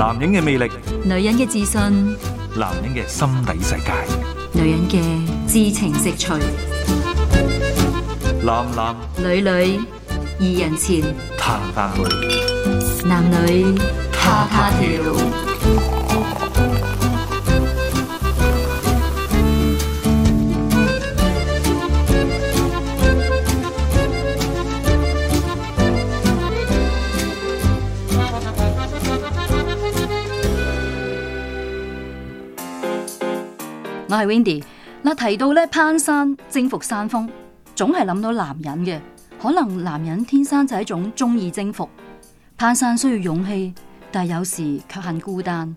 男人嘅魅力，女人嘅自信，男人嘅心底世界，女人嘅知情識趣，男男女女二人前談談去，彈彈彈男女他她調。女我係 Windy 嗱，提到咧，攀山征服山峰，總係諗到男人嘅，可能男人天生就係一種中意征服。攀山需要勇氣，但係有時卻很孤單，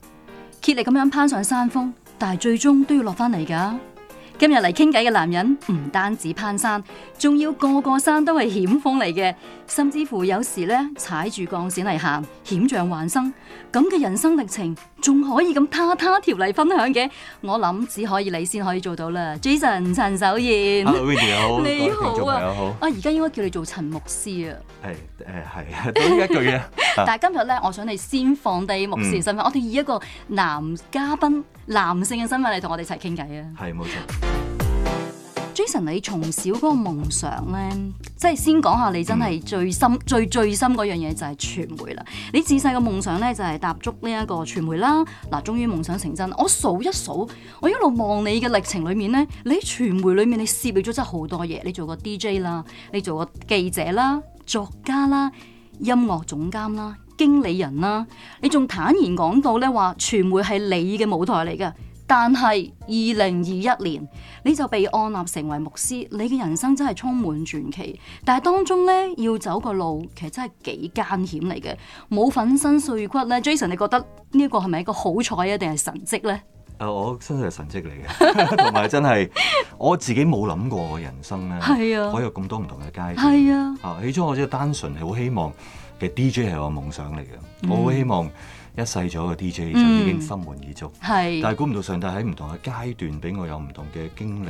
竭力咁樣攀上山峰，但係最終都要落翻嚟噶。今日嚟傾偈嘅男人唔單止攀山，仲要個個山都係險峰嚟嘅，甚至乎有時咧，踩住鋼線嚟行，險象環生，咁嘅人生歷程。仲可以咁他他條例分享嘅，我諗只可以你先可以做到啦，Jason 陳守賢。啊，Windy 你好，你好啊，好。啊，而家、啊、應該叫你做陳牧師啊。係誒係，講、呃、一句啊， 但係今日咧，我想你先放低牧師身份，嗯、我哋以，以一個男嘉賓、男性嘅身份嚟同我哋一齊傾偈啊。係冇錯。Jason，你從小嗰個夢想呢，即係先講下你真係最深、嗯、最最深嗰樣嘢就係傳媒啦。你自細嘅夢想呢，就係、是、踏足呢一個傳媒啦。嗱、啊，終於夢想成真。我數一數，我一路望你嘅歷程裏面呢，你喺傳媒裏面你涉獵咗真係好多嘢。你做過 DJ 啦，你做過記者啦、作家啦、音樂總監啦、經理人啦，你仲坦然講到呢話傳媒係你嘅舞台嚟嘅。但係二零二一年你就被按立成為牧師，你嘅人生真係充滿傳奇。但係當中咧，要走個路，其實真係幾艱險嚟嘅。冇粉身碎骨咧，Jason，你覺得呢一個係咪一個好彩啊，定係神蹟咧？誒、呃，我真係神蹟嚟嘅，同埋 真係我自己冇諗過我人生咧，可以 有咁多唔同嘅階段。係啊，起初、啊、我只係單純係好希望，其實 DJ 係我夢想嚟嘅，我好希望。 一世做一個 DJ、嗯、就已經心滿意足，是但係估唔到上帝喺唔同嘅階段俾我有唔同嘅經歷，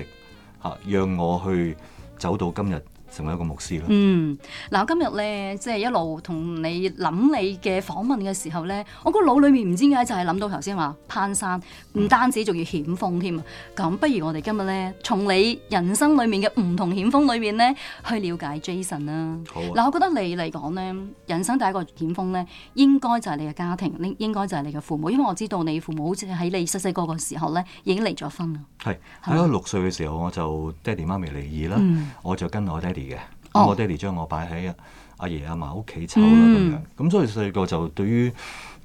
嚇、啊，讓我去走到今日。成為一個牧師咯。嗯，嗱，今日咧，即係一路同你諗你嘅訪問嘅時候咧，我個腦裏面唔知點解就係、是、諗到頭先話：「攀山，唔單止仲要險峰添。啊、嗯。」咁不如我哋今日咧，從你人生裏面嘅唔同險峰裏面咧，去了解 Jason 啦。好。嗱，我覺得你嚟講咧，人生第一個險峰咧，應該就係你嘅家庭，應應該就係你嘅父母，因為我知道你父母好似喺你細細個嘅時候咧，已經離咗婚啊。係是，喺吧我六歲嘅時候，我就爹哋媽咪離異啦，嗯嗯、我就跟我爹哋。嘅，oh. 我爹哋將我擺喺阿爺阿嫲屋企湊啦咁樣，咁、mm. 所以細個就對於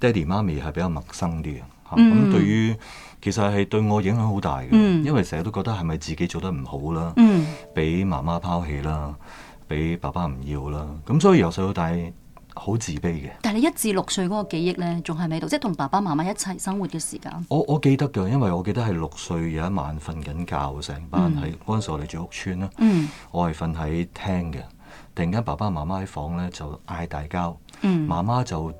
爹哋媽咪係比較陌生啲嘅，咁、mm. 啊、對於其實係對我影響好大嘅，mm. 因為成日都覺得係咪自己做得唔好啦，俾媽媽拋棄啦，俾爸爸唔要啦，咁所以由細到大。好自卑嘅。但係你一至六歲嗰個記憶咧，仲係咪喺度，即係同爸爸媽媽一齊生活嘅時間？我我記得㗎，因為我記得係六歲有一晚瞓緊覺，成班人喺嗰陣時我哋住屋村啦。嗯、我係瞓喺廳嘅，突然間爸爸媽媽喺房呢，就嗌大交。媽媽就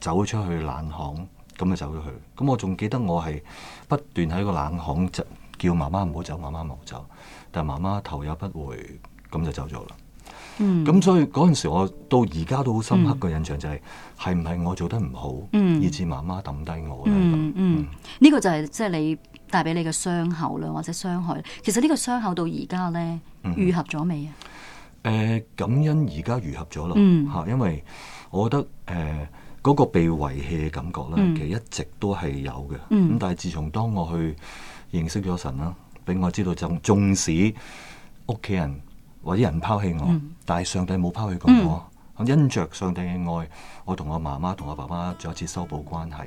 走咗出去冷巷，咁就走咗去。咁我仲記得我係不斷喺個冷巷就叫媽媽唔好走，媽媽唔好走。但係媽媽頭也不回，咁就走咗啦。咁、嗯、所以嗰陣時，我到而家都好深刻嘅印象就係，係唔係我做得唔好，嗯、以至媽媽抌低我咧？嗯？嗯，呢、嗯、個就係即係你帶俾你嘅傷口啦，或者傷害。其實呢個傷口到而家咧，愈、嗯、哼合咗未啊？誒、呃，感恩而家愈合咗啦。吓、嗯，因為我覺得誒，嗰、呃個被遺棄嘅感覺咧，嗯、其實一直都係有嘅。咁、嗯嗯、但係自從當我去認識咗神啦，俾我知道就，縱使屋企人。或啲人拋棄我，嗯、但係上帝冇拋棄過我。嗯、因着上帝嘅愛，我同我媽媽、同我爸爸再一次修補關係。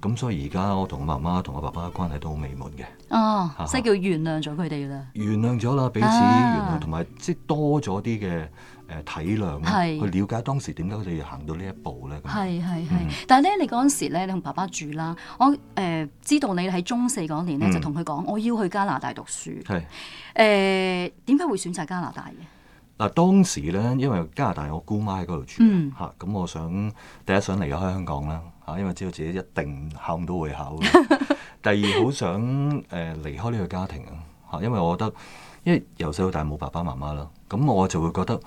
咁所以而家我同我媽媽、同我爸爸關係都好美滿嘅。哦、啊，啊、即係叫原諒咗佢哋啦，原諒咗啦，彼此，啊、原諒同埋即係多咗啲嘅。誒、呃、體諒、啊是，去了解當時點解佢哋要行到呢一步咧。係係係，但係咧，你嗰陣時咧，你同爸爸住啦。我誒、呃、知道你喺中四嗰年咧，嗯、就同佢講我要去加拿大讀書。係誒點解會選擇加拿大嘅？嗱、啊，當時咧，因為加拿大我姑媽喺嗰度住嚇，咁我想第一想離開香港啦嚇、啊，因為知道自己一定考唔到會考。啊、 第二好想誒離開呢個家庭啊嚇、啊 啊啊，因為我覺得因為得由細到大冇爸爸媽媽啦，咁我就會覺得。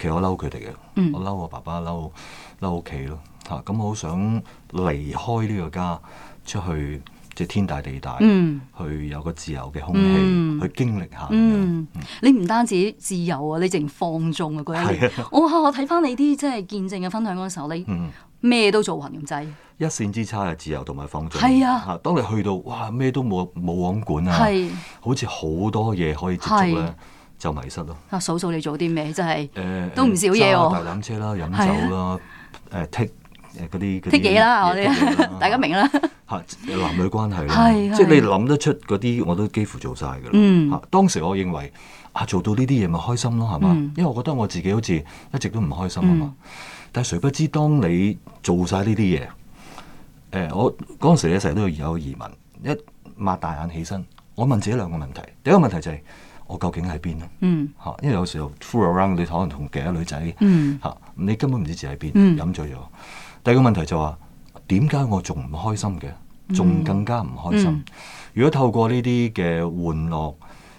其實我嬲佢哋嘅，我嬲我爸爸嬲嬲屋企咯，吓咁我好想離開呢個家，出去即係天大地大，去有個自由嘅空氣，去經歷下咁你唔單止自由啊，你仲放縱啊嗰一我我睇翻你啲即係見證嘅分享嗰陣時候，你咩都做匀咁滯，一線之差啊，自由同埋放縱係啊。當你去到哇咩都冇冇王管啊，好似好多嘢可以接觸咧。就迷失咯！啊，嫂，數你做啲咩，真係都唔少嘢喎！揸大膽車啦，飲酒啦，誒，剔誒嗰啲嘢啦，我哋大家明啦！吓，男女關係啦，即係你諗得出嗰啲，我都幾乎做晒噶啦。吓，當時我認為啊，做到呢啲嘢咪開心咯，係嘛？因為我覺得我自己好似一直都唔開心啊嘛。但係誰不知，當你做晒呢啲嘢，誒，我嗰陣時咧成日都要有疑問，一擘大眼起身，我問自己兩個問題，第一個問題就係。我究竟喺邊咯？嚇、嗯，因為有時候 fool around 你可能同其他女仔，嚇、嗯啊，你根本唔知自己喺邊，飲、嗯、醉咗。第二個問題就話、是，點解我仲唔開心嘅？仲更加唔開心。嗯嗯、如果透過呢啲嘅玩樂，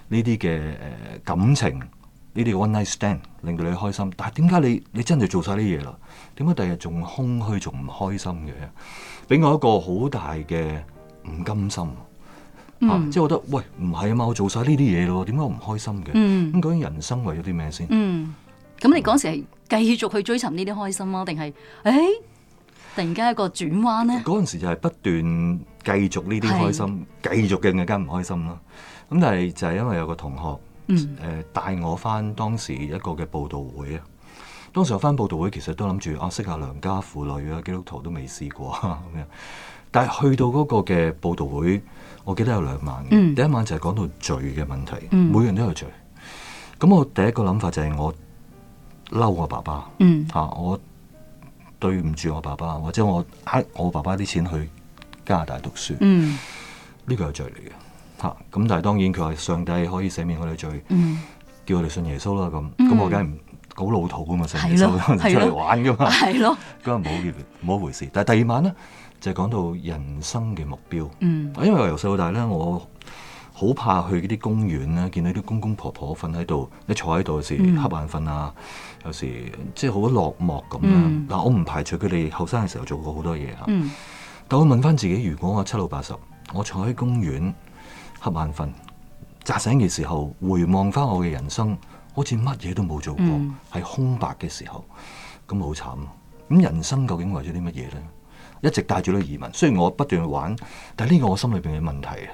呢啲嘅誒感情，呢啲 one night stand 令到你開心，但係點解你你真係做晒啲嘢啦？點解第日仲空虛，仲唔開心嘅？俾我一個好大嘅唔甘心。啊、即係我覺得，喂，唔係啊嘛，我做晒呢啲嘢咯，點解我唔開心嘅？咁、嗯啊、究竟人生為咗啲咩先？咁、嗯、你嗰時係繼續去追尋呢啲開心啊，定係誒突然間一個轉彎咧？嗰陣時就係不斷繼續呢啲開心，繼是續嘅更加唔開心啦。咁、嗯嗯、但係就係因為有個同學誒帶、呃、我翻當時一個嘅佈道會啊。當時我翻佈道會，其實都諗住啊識下良家婦女啊，基督徒都未試過咁樣。但係去到嗰個嘅佈道會。我記得有兩晚嘅，第一晚就係講到罪嘅問題，每人都有罪。咁我第一個諗法就係我嬲我爸爸，嚇我對唔住我爸爸，或者我呃我爸爸啲錢去加拿大讀書，呢個係罪嚟嘅嚇。咁但係當然佢話上帝可以赦免我哋罪，叫我哋信耶穌啦。咁咁我梗係唔好老土噶嘛，信耶穌出嚟玩噶嘛，係咯。咁啊冇冇一回事。但係第二晚咧，就講到人生嘅目標，嗯，因為我由細到大咧，我好怕去啲公園咧，見到啲公公婆婆瞓喺度，你坐喺度有時瞌、嗯、眼瞓啊，有時即係好落寞咁樣。嗱、嗯，我唔排除佢哋後生嘅時候做過好多嘢嚇、啊，嗯、但我問翻自己，如果我七老八十，我坐喺公園瞌眼瞓，乍醒嘅時候回望翻我嘅人生，好似乜嘢都冇做過，係、嗯、空白嘅時候，咁好慘咯。咁人生究竟為咗啲乜嘢咧？一直帶住呢個疑問，雖然我不斷去玩，但呢個我心裏邊嘅問題啊，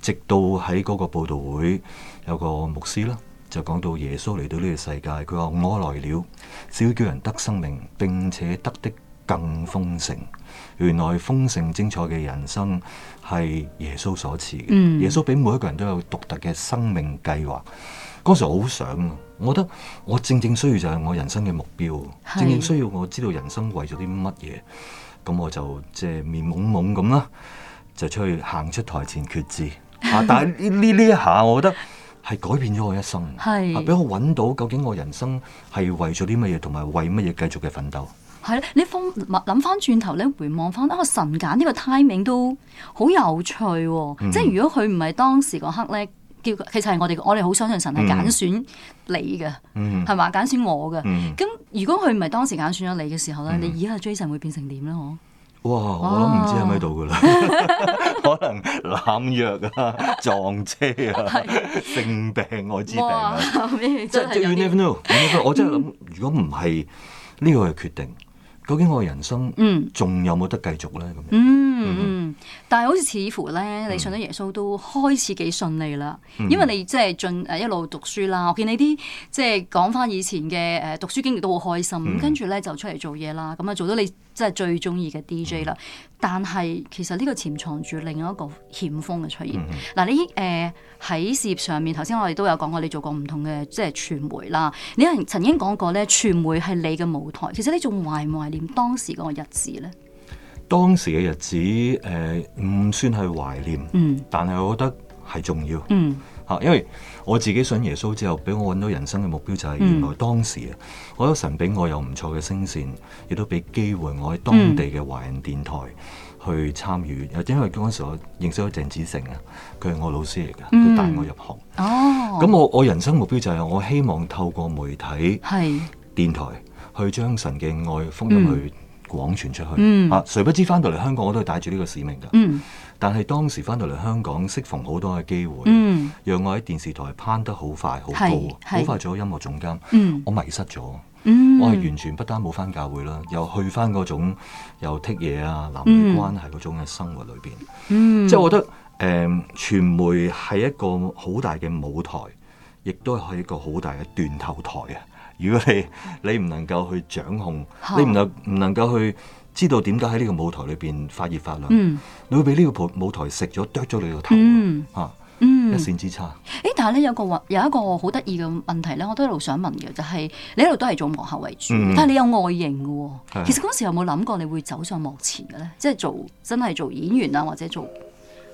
直到喺嗰個報道會有個牧師啦，就講到耶穌嚟到呢個世界，佢話我來了，只要叫人得生命並且得的更豐盛。原來豐盛精彩嘅人生係耶穌所賜嘅，嗯、耶穌俾每一個人都有獨特嘅生命計劃。嗰時候我好想啊，我覺得我正正需要就係我人生嘅目標，正正需要我知道人生為咗啲乜嘢。咁我就即係、就是、面懵懵咁啦，就出去行出台前決志啊！但係呢呢呢一下，我覺得係改變咗我一生，係俾是、啊、我搵到究竟我人生係為咗啲乜嘢，同埋為乜嘢繼續嘅奮鬥。係咧，你放諗翻轉頭咧，你回望翻啊、那個、神揀呢個 timing 都好有趣、哦，嗯、即係如果佢唔係當時嗰刻咧。叫其實係我哋，我哋好相信神係揀選你嘅，係嘛，揀選我嘅。咁、嗯、如果佢唔係當時揀選咗你嘅時候咧，嗯、你以後 Jason 會變成點咧？嗬？哇！我諗唔知喺咪度噶啦，哇 可能濫藥啊、撞車啊、 的性病、艾滋病、啊。病即係 you never know，我真係諗，如果唔係呢個係決定。究竟我嘅人生仲、嗯、有冇得繼續咧？咁嗯，嗯但係好似似乎咧，嗯、你信咗耶穌都開始幾順利啦。嗯、因為你即係進誒一路讀書啦，我見你啲即係講翻以前嘅誒讀書經歷都好開心。嗯、跟住咧就出嚟做嘢啦，咁啊做到你，即係最中意嘅 DJ 啦，嗯、但係其實呢個潛藏住另一個險峰嘅出現。嗱、嗯嗯啊，你誒喺、呃、事業上面，頭先我哋都有講過，你做過唔同嘅即係傳媒啦。你曾經講過咧，傳媒係你嘅舞台。其實呢種懷唔懷念當時嗰個日子呢？當時嘅日子誒，唔、呃、算係懷念，嗯，但係我覺得係重要，嗯，啊，因為。我自己信耶穌之後，俾我揾到人生嘅目標就係原來當時啊，我有神俾我有唔錯嘅聲線，亦都俾機會我喺當地嘅華人電台去參與。嗯、因為嗰陣時我認識咗鄭子誠啊，佢係我老師嚟噶，佢帶我入行。嗯、哦，咁我我人生目標就係我希望透過媒體、是電台去將神嘅愛福音去廣傳出去。嗯、啊，誰不知翻到嚟香港我都係帶住呢個使命㗎。嗯。但係當時返到嚟香港，適逢好多嘅機會，嗯、讓我喺電視台攀得好快、好高，好快做音樂總監。嗯、我迷失咗，嗯、我係完全不單冇返教會啦，又去返嗰種又㗎嘢啊、男女關係嗰種嘅生活裏邊。嗯、即係我覺得，誒、嗯，傳媒係一個好大嘅舞台，亦都係一個好大嘅斷頭台啊！如果你你唔能夠去掌控，嗯、你唔能唔能夠去。知道點解喺呢個舞台裏邊發熱發亮，你會俾呢個舞台食咗啄咗你個頭啊！一線之差。誒，但係咧有個話有一個好得意嘅問題咧，我都一路想問嘅，就係你一路都係做幕後為主，但係你有外形嘅喎。其實嗰時有冇諗過你會走上幕前嘅咧？即係做真係做演員啊，或者做，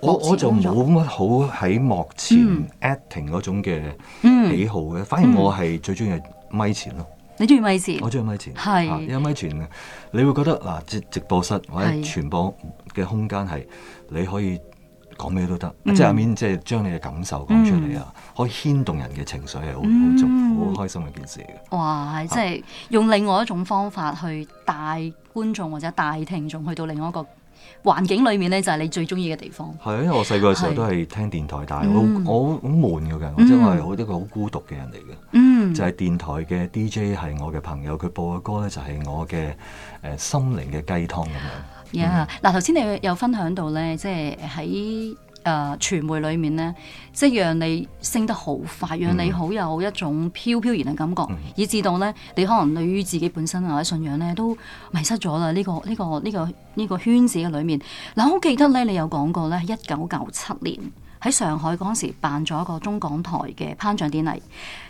我我就冇乜好喺幕前 acting 嗰種嘅喜好嘅，反而我係最中意咪前咯。你中意咪前？我中意咪前，係是、啊、有咪前你會覺得嗱，直、啊、直播室或者傳播嘅空間係你可以講咩都得的、啊，即係入面即係將你嘅感受講出嚟啊，嗯、可以牽動人嘅情緒係好滿足、好、嗯、開心嘅一件事嘅。哇！啊、即係用另外一種方法去帶觀眾或者帶聽眾去到另外一個。環境裏面咧，就係你最中意嘅地方。係啊，因為我細個嘅時候都係聽電台，是但係我、嗯、我好悶嘅，即係我係一個好孤獨嘅人嚟嘅。嗯、就係電台嘅 DJ 係我嘅朋友，佢播嘅歌咧就係我嘅誒、呃、心靈嘅雞湯咁樣。嗱 Yeah,、嗯，頭先你有分享到咧，即係喺。誒，uh, 傳媒裏面呢，即係讓你升得好快，讓你好有一種飄飄然嘅感覺，mm hmm. 以至到呢，你可能對於自己本身或者信仰呢，都迷失咗啦。呢個呢個呢個呢個圈子嘅裏面，嗱，好記得呢，你有講過呢，一九九七年，喺上海嗰陣時，辦咗一個中港台嘅頒獎典禮。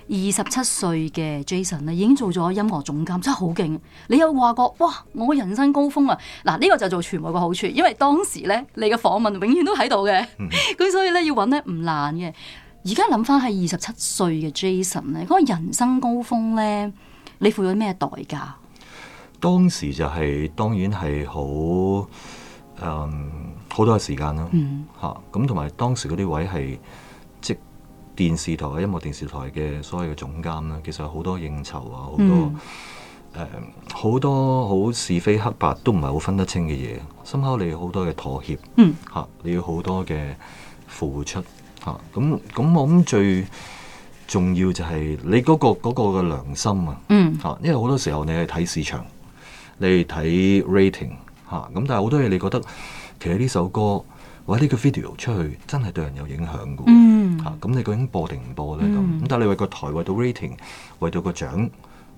二十七歲嘅 Jason 咧，已經做咗音樂總監，真係好勁。你有話過，哇！我人生高峰啊！嗱，呢、這個就做傳媒嘅好處，因為當時呢，你嘅訪問永遠都喺度嘅，咁、嗯、所以呢，要揾呢唔難嘅。而家諗翻係二十七歲嘅 Jason 呢，嗰、那個、人生高峰呢，你付咗咩代價？當時就係、是、當然係好。嗯，好、um, 多時間咯、啊，吓咁同埋當時嗰啲位係即電視台音樂電視台嘅所謂嘅總監啦、啊，其實好多應酬啊，好多誒，好、mm. 啊、多好是非黑白都唔係好分得清嘅嘢、啊，深刻你要好多嘅妥協、mm. 啊啊，嗯，吓你要好多嘅付出，吓咁咁我諗最重要就係你嗰、嗰個、嗰個嘅良心啊，嗯、mm. 啊，吓因為好多時候你去睇市場，你去睇 rating。嚇！咁、啊、但係好多嘢，你覺得其實呢首歌或者呢個 video 出去，真係對人有影響嘅。嚇、嗯！咁、啊、你究竟播定唔播咧？咁、嗯啊、但係你為個台，為到 rating，為到個獎，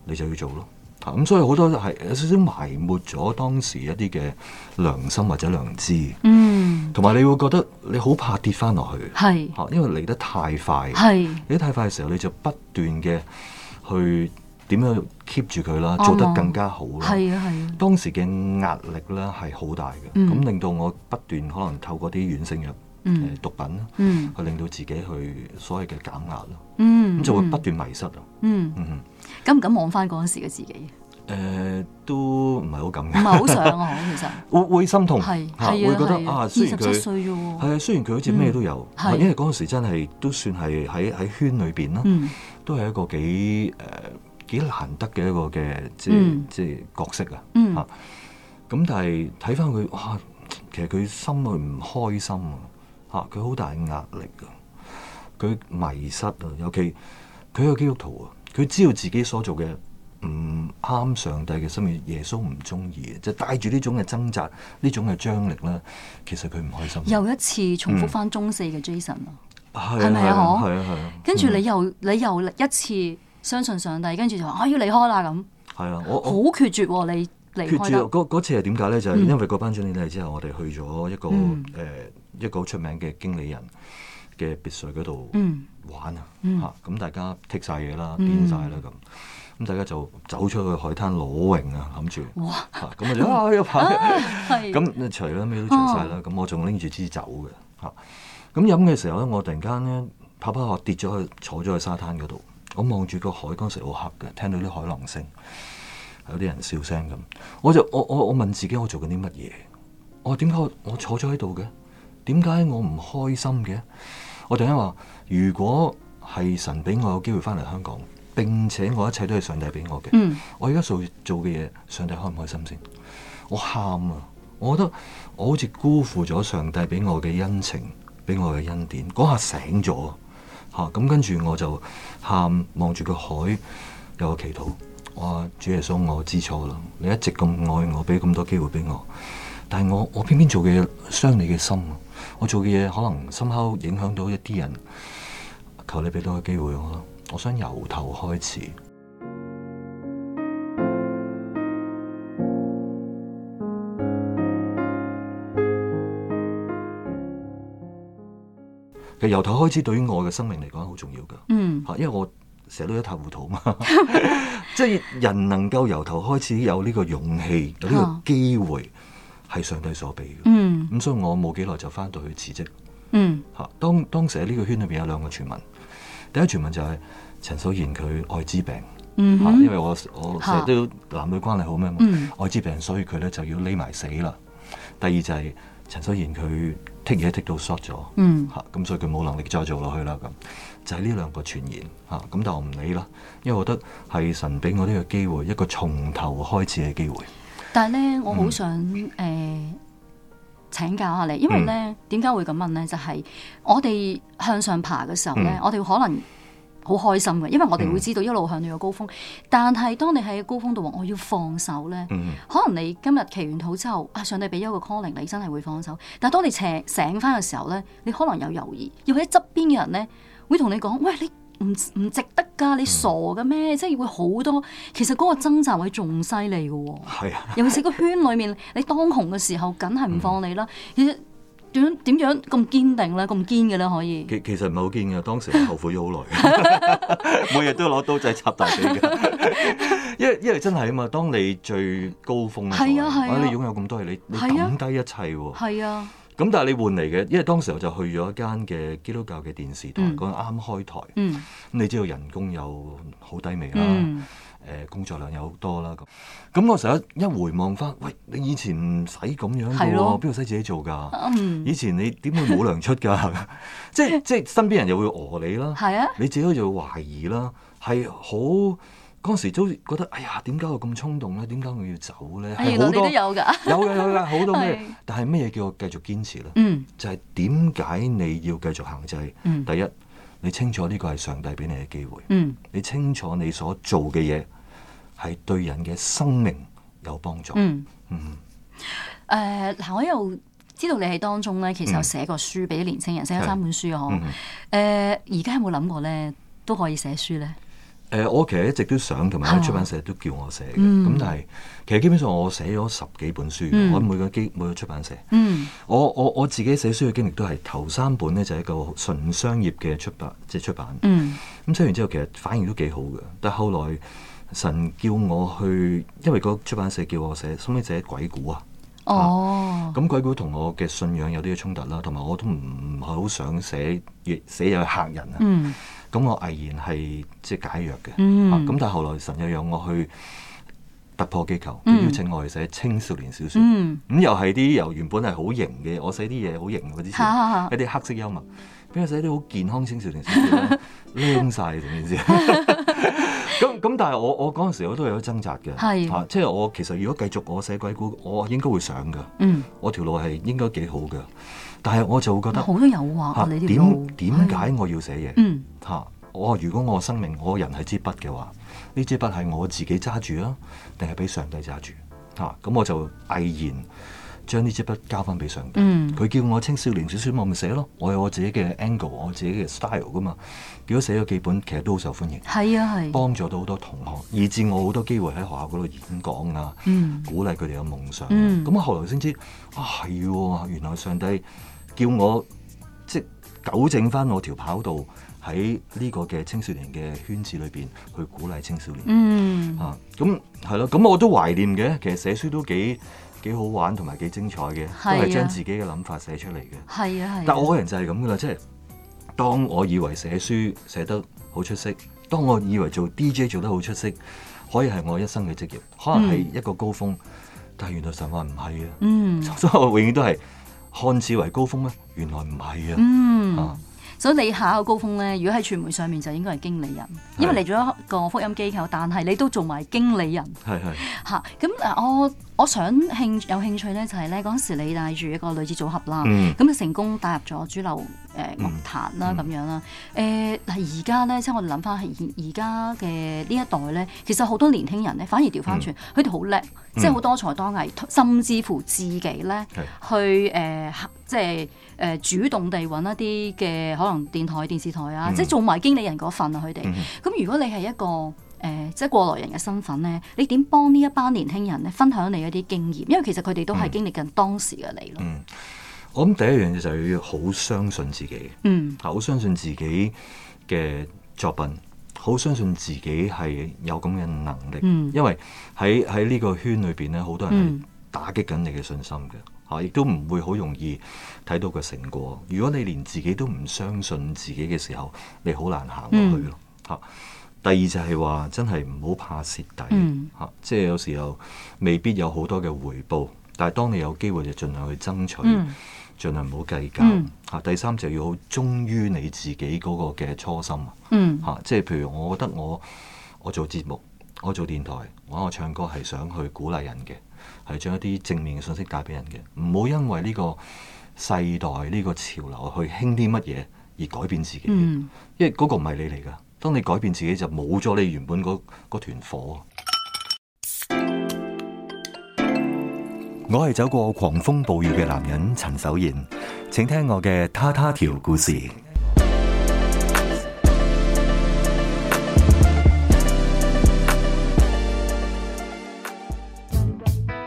你就要做咯。嚇、啊！咁所以好多係有少少埋沒咗當時一啲嘅良心或者良知。嗯。同埋你會覺得你好怕跌翻落去。係。嚇、啊！因為嚟得太快。係。嚟得太快嘅時候，你就不斷嘅去。點樣 keep 住佢啦？做得更加好啦！係啊係啊！當時嘅壓力咧係好大嘅，咁令到我不斷可能透過啲軟性嘅毒品去令到自己去所謂嘅減壓咯。咁就會不斷迷失咯。嗯，敢唔敢望翻嗰陣時嘅自己？誒，都唔係好敢，唔係好想啊，其實會會心痛係，會覺得啊，雖然佢啊，雖然佢好似咩都有，因為嗰陣時真係都算係喺喺圈裏邊啦，都係一個幾誒。幾難得嘅一個嘅即係即係角色啊！吓咁，但係睇翻佢，哇！其實佢心裡唔開心啊！吓，佢好大壓力啊！佢迷失啊！尤其佢個基督徒啊，佢知道自己所做嘅唔啱上帝嘅心意，耶穌唔中意嘅，就帶住呢種嘅掙扎，呢種嘅張力咧，其實佢唔開心。又一次重複翻中四嘅 Jason 啊，係咪啊？係啊係啊！跟住你又你又一次。相信上帝，跟住就話：我要離開啦咁。係啊，我好決絕，你決絕嗰次係點解咧？就係因為嗰班經理嚟之後，我哋去咗一個誒一個出名嘅經理人嘅別墅嗰度玩啊嚇！咁大家剔晒嘢啦，癲晒啦咁，咁大家就走出去海灘裸泳啊，諗住哇！咁就啊要咁除啦，咩都除晒啦，咁我仲拎住支酒嘅嚇。咁飲嘅時候咧，我突然間咧啪啪下跌咗去，坐咗喺沙灘嗰度。我望住個海，嗰時好黑嘅，聽到啲海浪聲，有啲人笑聲咁。我就我我我問自己我：我做緊啲乜嘢？我點解我坐咗喺度嘅？點解我唔開心嘅？我突然間話：如果係神俾我有機會翻嚟香港，並且我一切都係上帝俾我嘅，嗯，我而家做做嘅嘢，上帝開唔開心先？我喊啊！我覺得我好似辜負咗上帝俾我嘅恩情，俾我嘅恩典。嗰下醒咗。吓咁、啊、跟住我就喊望住個海，有個祈禱。我、啊、話，主耶穌，我知錯啦。你一直咁愛我，俾咁多機會俾我，但係我我偏偏做嘅嘢傷你嘅心。我做嘅嘢可能深刻影響到一啲人。求你俾多個機會我，我想由頭開始。其實由頭開始對於我嘅生命嚟講好重要噶。嗯，因為我成日都一塌糊塗嘛， 即係人能夠由頭開始有呢個勇氣有呢個機會係、啊、上帝所俾嘅。嗯，咁所以我冇幾耐就翻到去辭職，嗯，吓、啊、當當時喺呢個圈裏邊有兩個傳聞，第一傳聞就係陳守賢佢愛滋病，吓、嗯、哼因為我我成日都男女關係好咩，嗯，愛、嗯、滋病所以佢咧就要匿埋死啦，第二就係、是。陳守賢佢剔嘢剔到 short 咗，嚇咁、嗯啊、所以佢冇能力再做落去啦。咁就係呢兩個傳言嚇，咁、啊、但我唔理啦，因為我覺得係神俾我呢個機會，一個從頭開始嘅機會。但係咧，嗯、我好想誒、呃、請教下你，因為咧點解會咁問咧？就係、是、我哋向上爬嘅時候咧，嗯、我哋可能。好開心嘅，因為我哋會知道一路向到個高峰。嗯、但係當你喺高峰度話我要放手呢，嗯、可能你今日祈完禱之後，啊上帝俾咗個 calling，你真係會放手。但係當你醒醒翻嘅時候呢，你可能有猶豫，又或者側邊嘅人呢，會同你講：喂，你唔唔值得㗎，你傻嘅咩？嗯、即係會好多。其實嗰個掙扎位仲犀利嘅喎。是啊、尤其是個圈裏面， 你當紅嘅時候，梗係唔放你啦。嗯點樣點樣咁堅定咧？咁堅嘅咧可以？其其實唔係好堅嘅，當時後悔咗好耐， 每日都攞刀仔插大髀嘅。因為因為真係啊嘛！當你最高峰，係啊係啊，啊，你擁有咁多嘢，你你抌低一切喎、哦。係啊。咁但係你換嚟嘅，因為當時我就去咗一間嘅基督教嘅電視台，嗰陣啱開台，咁、嗯、你知道人工又好低微啦。嗯誒工作量有好多啦，咁咁我成日一回望翻，喂，你以前唔使咁樣嘅喎，邊度使自己做㗎？Um, 以前你點會冇糧出㗎？ 即係即係身邊人又會餓你啦，係啊的，你自己就會懷疑啦，係好嗰陣時都覺得，哎呀，點解我咁衝動咧？點解我要走咧？好多都有㗎，有嘅有嘅好多嘅， 的但係咩嘢叫我繼續堅持咧？Um, 就係點解你要繼續行制。Um, 第一你清楚呢個係上帝俾你嘅機會，um, um, um, 你清楚你所做嘅嘢。係對人嘅生命有幫助。嗯誒，嗱、嗯，uh, 我又知道你喺當中咧，其實有寫過書俾啲、嗯、年青人，寫咗三本書啊。誒，而、嗯、家、uh, 有冇諗過咧，都可以寫書咧？誒，uh, 我其實一直都想，同埋出版社都叫我寫嘅。咁係、嗯，其實基本上我寫咗十幾本書，嗯、我每個機每個出版社。嗯、我我我自己寫書嘅經歷都係頭三本咧就係一個純商業嘅出版，即、就、係、是、出版。咁寫、嗯嗯、完之後，其實反應都幾好嘅，但係後來。神叫我去，因為個出版社叫我寫，想唔想寫鬼故啊？哦，咁鬼故同我嘅信仰有啲嘅衝突啦，同埋我都唔係好想寫，越寫又嚇人啊。嗯，咁我毅然係即係解約嘅。嗯，咁、嗯、但係後來神又讓我去突破機構，邀請我去寫青少年小說。嗯，咁、嗯嗯嗯嗯、又係啲由原本係好型嘅，我寫啲嘢好型嗰啲，吓 一啲黑色幽默，畀佢寫啲好健康青少年小說咧？靚、啊、晒，總之。 咁咁，但係我我嗰陣時我都有掙扎嘅，嚇是、啊，即係我其實如果繼續我寫鬼故，我應該會想嘅，嗯，我條路係應該幾好嘅，但係我就會覺得好多誘惑，點點解我要寫嘢？嚇，我如果我生命我個人係支筆嘅話，呢支筆係我自己揸住啊，定係俾上帝揸住？嚇，咁我就毅然。將呢支筆交翻俾上帝，佢叫我青少年小説，我咪寫咯。我有我自己嘅 angle，我自己嘅 style 噶嘛。幾果寫咗幾本，其實都好受歡迎。係啊，係幫助到好多同學，以至我好多機會喺學校嗰度演講啊，鼓勵佢哋嘅夢想。咁啊，後來先知啊，係喎、啊，原來上帝叫我即係糾正翻我條跑道喺呢個嘅青少年嘅圈子裏邊去鼓勵青少年。嗯，啊，咁係咯，咁、啊嗯啊嗯、我都懷念嘅。其實寫書都幾～幾好玩同埋幾精彩嘅，都係將自己嘅諗法寫出嚟嘅。係啊係。但我個人就係咁噶啦，即係當我以為寫書寫得好出色，當我以為做 DJ 做得好出色，可以係我一生嘅職業，可能係一個高峰，但係原來神話唔係啊，嗯，所以我永遠都係看似為高峰咧，原來唔係啊。嗯。所以你下個高峰咧，如果喺傳媒上面就應該係經理人，因為嚟咗一個福音機構，但係你都做埋經理人。係係。嚇！咁啊，我。我想興有興趣咧，就係咧嗰陣時你帶住一個女子組合啦，咁成功帶入咗主流誒樂壇啦咁樣啦。誒係而家咧，即係我哋諗翻，而而家嘅呢一代咧，其實好多年輕人咧反而調翻轉，佢哋好叻，即係好多才多藝，甚至乎自己咧去誒即係誒主動地揾一啲嘅可能電台、電視台啊，即係做埋經理人嗰份啊佢哋。咁如果你係一個。誒、呃，即係過來人嘅身份咧，你點幫呢一班年輕人咧分享你一啲經驗？因為其實佢哋都係經歷緊當時嘅你咯。我諗第一樣嘢就係要好相信自己。嗯，好、啊、相信自己嘅作品，好相信自己係有咁嘅能力。嗯、因為喺喺呢個圈裏邊咧，好多人係打擊緊你嘅信心嘅嚇，亦、啊、都唔會好容易睇到個成果。如果你連自己都唔相信自己嘅時候，你好難行落去咯嚇。嗯啊。第二就係話真係唔好怕蝕底吓，即係有時候未必有好多嘅回報，但係當你有機會就盡量去爭取，盡、嗯、量唔好計較吓、嗯啊。第三就要好忠於你自己嗰個嘅初心，吓、嗯啊，即係譬如我覺得我我做節目，我做電台，我喺度唱歌係想去鼓勵人嘅，係將一啲正面嘅信息帶俾人嘅，唔好因為呢個世代呢個潮流去興啲乜嘢而改變自己，嗯、因為嗰個唔係你嚟噶。當你改變自己，就冇咗你原本嗰團火。我係走過狂風暴雨嘅男人陳守賢，請聽我嘅《他他條》故事。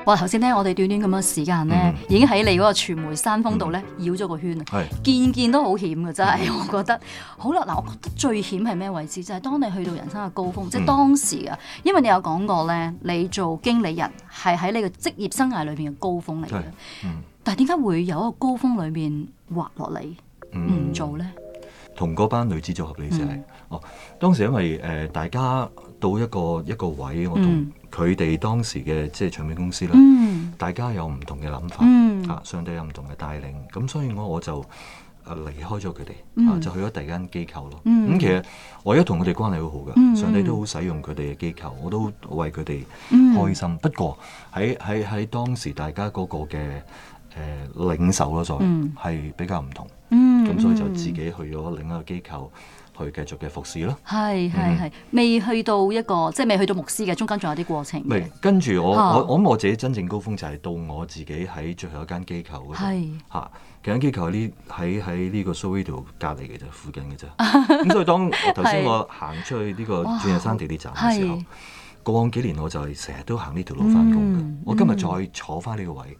哇！頭先聽我哋短短咁嘅時間咧，mm hmm. 已經喺你嗰個傳媒山峰度咧繞咗個圈啊！係是，件件都好險嘅真係，mm hmm. 我覺得。好啦，嗱，我覺得最險係咩位置？就係、是、當你去到人生嘅高峰，mm hmm. 即係當時啊，因為你有講過咧，你做經理人係喺你嘅職業生涯裏邊嘅高峰嚟嘅。Mm hmm. 但係點解會有一個高峰裏面滑落嚟唔做咧？同嗰班女子組合。Mm hmm. 哦，當時因為誒、呃、大家。到一個一個位，我同佢哋當時嘅即係唱片公司啦，大家有唔同嘅諗法啊，上帝有唔同嘅帶領，咁所以我我就啊離開咗佢哋啊，就去咗第二間機構咯。咁其實我而家同佢哋關係好好㗎，上帝都好使用佢哋嘅機構，我都為佢哋開心。不過喺喺喺當時大家嗰個嘅誒領袖咯，仲係比較唔同，咁所以就自己去咗另一個機構，去繼續嘅服侍咯，係係係，未去到一個即係未去到牧師嘅，中間仲有啲過程嘅。跟住我我我諗我自己真正高峰就係到我自己喺最後一間機構嗰度，嚇，嗰間機構喺喺喺呢個 Sorito 隔離嘅啫，附近嘅啫。咁所以當頭先我行出去呢個鑽石山地鐵站嘅時候，過往幾年我就係成日都行呢條路翻工嘅。我今日再坐翻呢個位，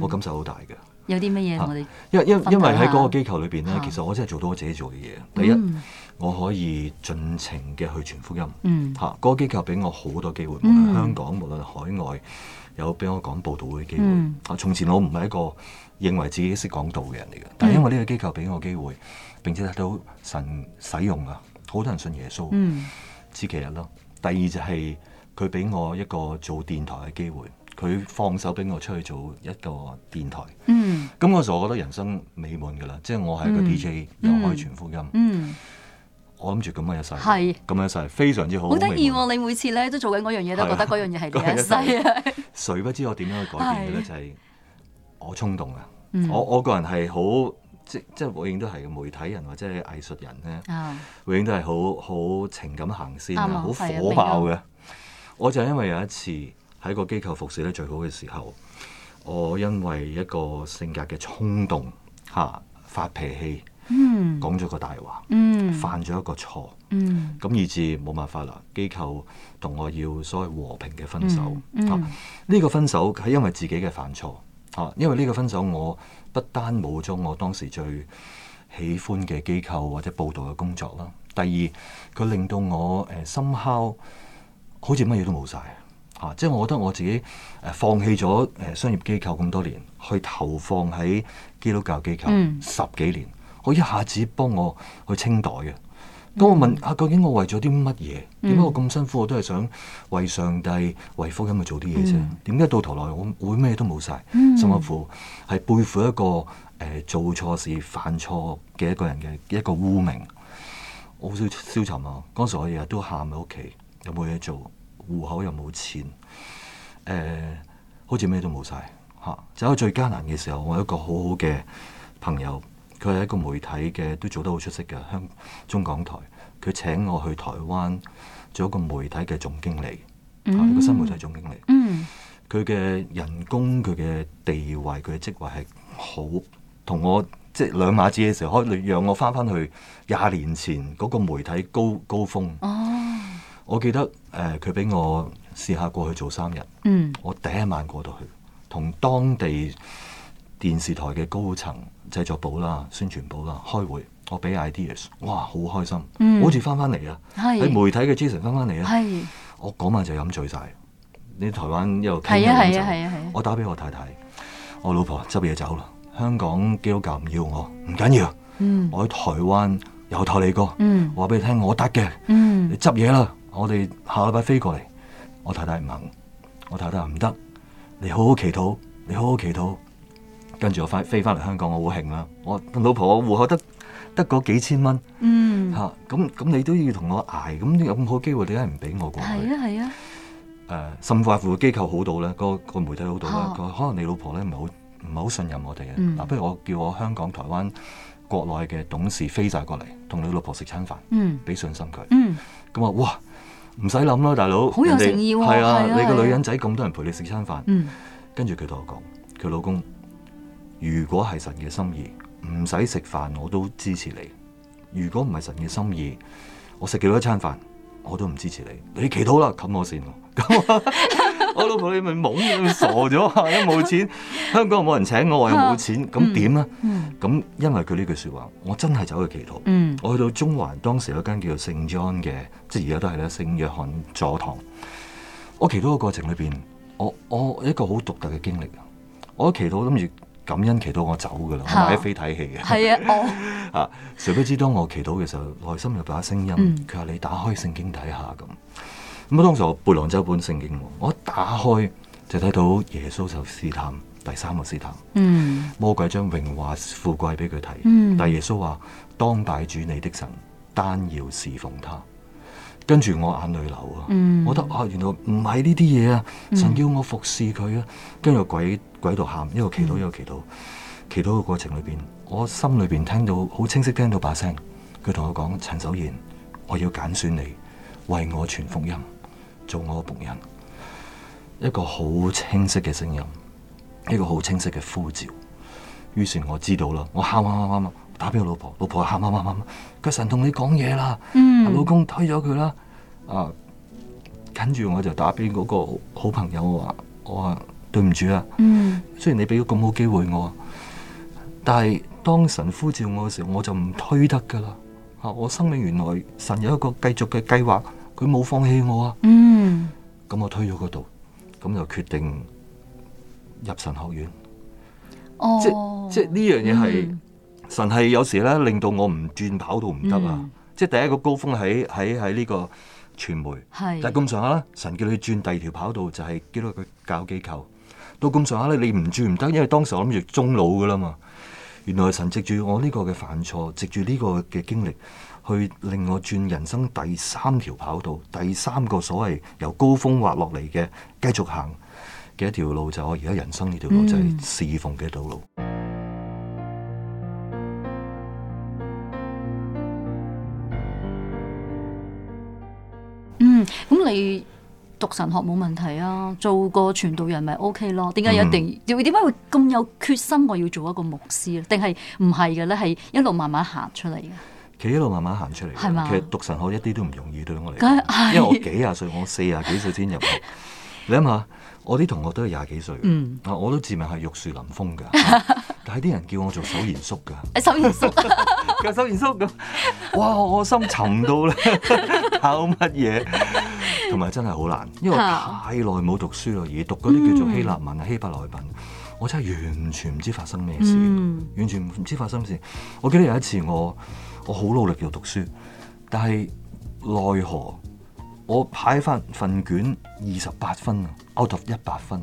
我感受好大嘅。有啲乜嘢？因為因因為喺嗰個機構裏邊咧，其實我真係做到我自己做嘅嘢。第一。我可以盡情嘅去傳福音，嚇、嗯啊，嗰個機構俾我好多機會，嗯、無論香港，無論海外，有俾我講佈道嘅機會。嚇、嗯啊，從前我唔係一個認為自己識講道嘅人嚟嘅，嗯、但係因為呢個機構俾我機會，並且睇到神使用啊，好多人信耶穌，此其一咯。第二就係佢俾我一個做電台嘅機會，佢放手俾我出去做一個電台。嗯，咁嗰、嗯、時候我覺得人生美滿噶啦，即係我係一個 DJ 又可以傳福音。嗯。嗯嗯嗯嗯嗯嗯我諗住咁嘅一世，咁樣一世非常之好。好得意喎！你每次咧都做緊嗰樣嘢，都覺得嗰樣嘢係咁樣一世啊！誰不知我點樣去改變嘅咧？就係我衝動啊！我我個人係好即即係永遠都係媒體人或者藝術人咧，永遠都係好好情感行先，好火爆嘅。我就係因為有一次喺個機構服侍得最好嘅時候，我因為一個性格嘅衝動下發脾氣。講咗個大話，嗯、犯咗一個錯，咁、嗯、以至冇辦法啦。機構同我要所謂和平嘅分手，呢、嗯嗯啊這個分手係因為自己嘅犯錯，吓、啊，因為呢個分手我不單冇咗我當時最喜歡嘅機構或者報道嘅工作啦、啊，第二佢令到我誒深敲 somehow，呃、好似乜嘢都冇晒，吓、啊，即、就、係、是、我覺得我自己誒放棄咗誒商業機構咁多年，去投放喺基督教機構十幾年。嗯可以一下子幫我去清袋嘅，咁我問啊，究竟我為咗啲乜嘢？點解我咁辛苦，我都係想為上帝、為福音去做啲嘢啫？點解、嗯、到頭來我會咩都冇曬？辛苦係背負一個誒、呃、做錯事、犯錯嘅一個人嘅一個污名。我好少消沉啊！嗰時我日日都喊喺屋企，又冇嘢做，戶口又冇錢，誒、呃，好似咩都冇晒。嚇、啊。走到最艱難嘅時候，我有一個好好嘅朋友。佢係一個媒體嘅，都做得好出色嘅。香中港台，佢請我去台灣做一個媒體嘅總經理，mm. 個新媒體總經理。佢嘅、mm. 人工、佢嘅地位、佢嘅職位係好同我即係兩碼子嘅時候，可以讓我返返去廿年前嗰、那個媒體高高峰。Oh. 我記得誒，佢、呃、俾我試下過去做三日。Mm. 我第一晚過到去，同當地電視台嘅高層。製作部啦、宣傳部啦、開會，我俾 ideas，哇，好開心，嗯、好似翻翻嚟啊！喺媒體嘅 Jason 翻翻嚟啊，我嗰晚就飲醉晒，你台灣又係啊係啊係啊係啊！啊我打俾我太太，我老婆執嘢走啦。香港基督教唔要我，唔緊要。嗯、我喺台灣有台、嗯、你哥，我話俾、嗯、你聽，我得嘅。你執嘢啦，我哋下禮拜飛過嚟。我太太唔肯，我太太唔得，你好好祈禱，你好好祈禱。跟住我飛飛翻嚟香港，我好興啦！我老婆，我戶口得得嗰幾千蚊，嚇咁咁你都要同我捱，咁有咁好機會，點解唔俾我過去？係啊係啊！誒，甚麼乎嘅機構好到咧？個個媒體好到咧？佢話可能你老婆咧唔係好唔係好信任我哋嘅。嗱，不如我叫我香港、台灣、國內嘅董事飛晒過嚟，同你老婆食餐飯，嗯，俾信心佢，咁啊，哇，唔使諗啦，大佬，好有誠意喎，係啊，你個女人仔咁多人陪你食餐飯，跟住佢同我講，佢老公。如果係神嘅心意，唔使食飯我都支持你。如果唔係神嘅心意，我食幾多餐飯我都唔支持你。你祈禱啦，冚我先。咁 我老婆你咪懵傻咗啊！一冇錢，香港冇人請我，我又冇錢，咁點啊？咁、嗯嗯、因為佢呢句說話，我真係走去祈禱。嗯、我去到中環當時有間叫做聖 John 嘅，即係而家都係咧聖約翰座堂。我祈禱嘅過程裏邊，我我一個好獨特嘅經歷啊！我祈禱諗住。感恩祈禱，我走噶啦，我買飛睇戲嘅。係 啊，啊，誰不知當我祈禱嘅時候，內心有把聲音，佢話、嗯、你打開聖經睇下咁。咁啊，當時我背囊就一本聖經我，我一打開就睇到耶穌就試探第三個試探。嗯、魔鬼將榮華富貴俾佢睇，嗯、但耶穌話當拜主你的神，單要侍奉他。跟住我眼淚流啊，嗯、我覺得啊，原來唔係呢啲嘢啊，神叫我服侍佢啊，跟、嗯、住、嗯嗯、鬼。喺度喊，一個祈禱一個祈禱，祈禱嘅過程裏邊，我心裏邊聽到好清晰聽到把聲，佢同我講：陳守賢，我要揀選你，為我傳福音，做我嘅僕人。一個好清晰嘅聲音，一個好清晰嘅呼召。於是我知道啦，我喊啊啊啊啊啊，打俾我老婆，老婆又喊啊啊啊個、啊啊、神同你講嘢啦，嗯，老公推咗佢啦，啊，跟住我就打俾嗰個好朋友話，我話。對唔住啊，雖然你俾咗咁好機會我，但係當神呼召我嘅時候，我就唔推得噶啦。啊，我生命原來，神有一個繼續嘅計劃，佢冇放棄我啊。嗯，咁我推咗嗰度，咁就決定入神學院。哦，即係即係呢樣嘢係神係有時咧令到我唔轉跑道唔得啊！即係第一個高峰喺喺喺呢個傳媒，係，但係咁上下啦，神叫你轉第二條跑道就係基督教教機構。到咁上下咧，你唔轉唔得，因為當時我諗住終老噶啦嘛。原來神藉住我呢個嘅犯錯，藉住呢個嘅經歷，去令我轉人生第三條跑道，第三個所謂由高峰滑落嚟嘅繼續行嘅一條路，就係、我而家人生呢條路，嗯、就係侍奉嘅道路。嗯，咁你。讀神學冇問題啊，做個傳道人咪 O K 咯。點解一定？點解、嗯、會咁有決心？我要做一個牧師咧，定係唔係嘅咧？係一路慢慢行出嚟嘅。其實一路慢慢行出嚟。係嘛嗎？其實讀神學一啲都唔容易對我嚟講，因為我幾廿歲，我四廿幾歲先入。 你諗下，我啲同學都係廿幾歲，嗯、我都自問係玉樹臨風嘅， 但係啲人叫我做守賢叔嘅，守賢賢叔，叫 守賢叔咁。哇，我心沉到啦，考乜嘢？同埋真係好難，因為太耐冇讀書啦，而讀嗰啲叫做希臘文啊、希伯、嗯、來文，我真係完全唔知發生咩事，嗯、完全唔知發生事。我記得有一次我我好努力做讀書，但係奈何我派翻份卷二十八分 out of 一百分，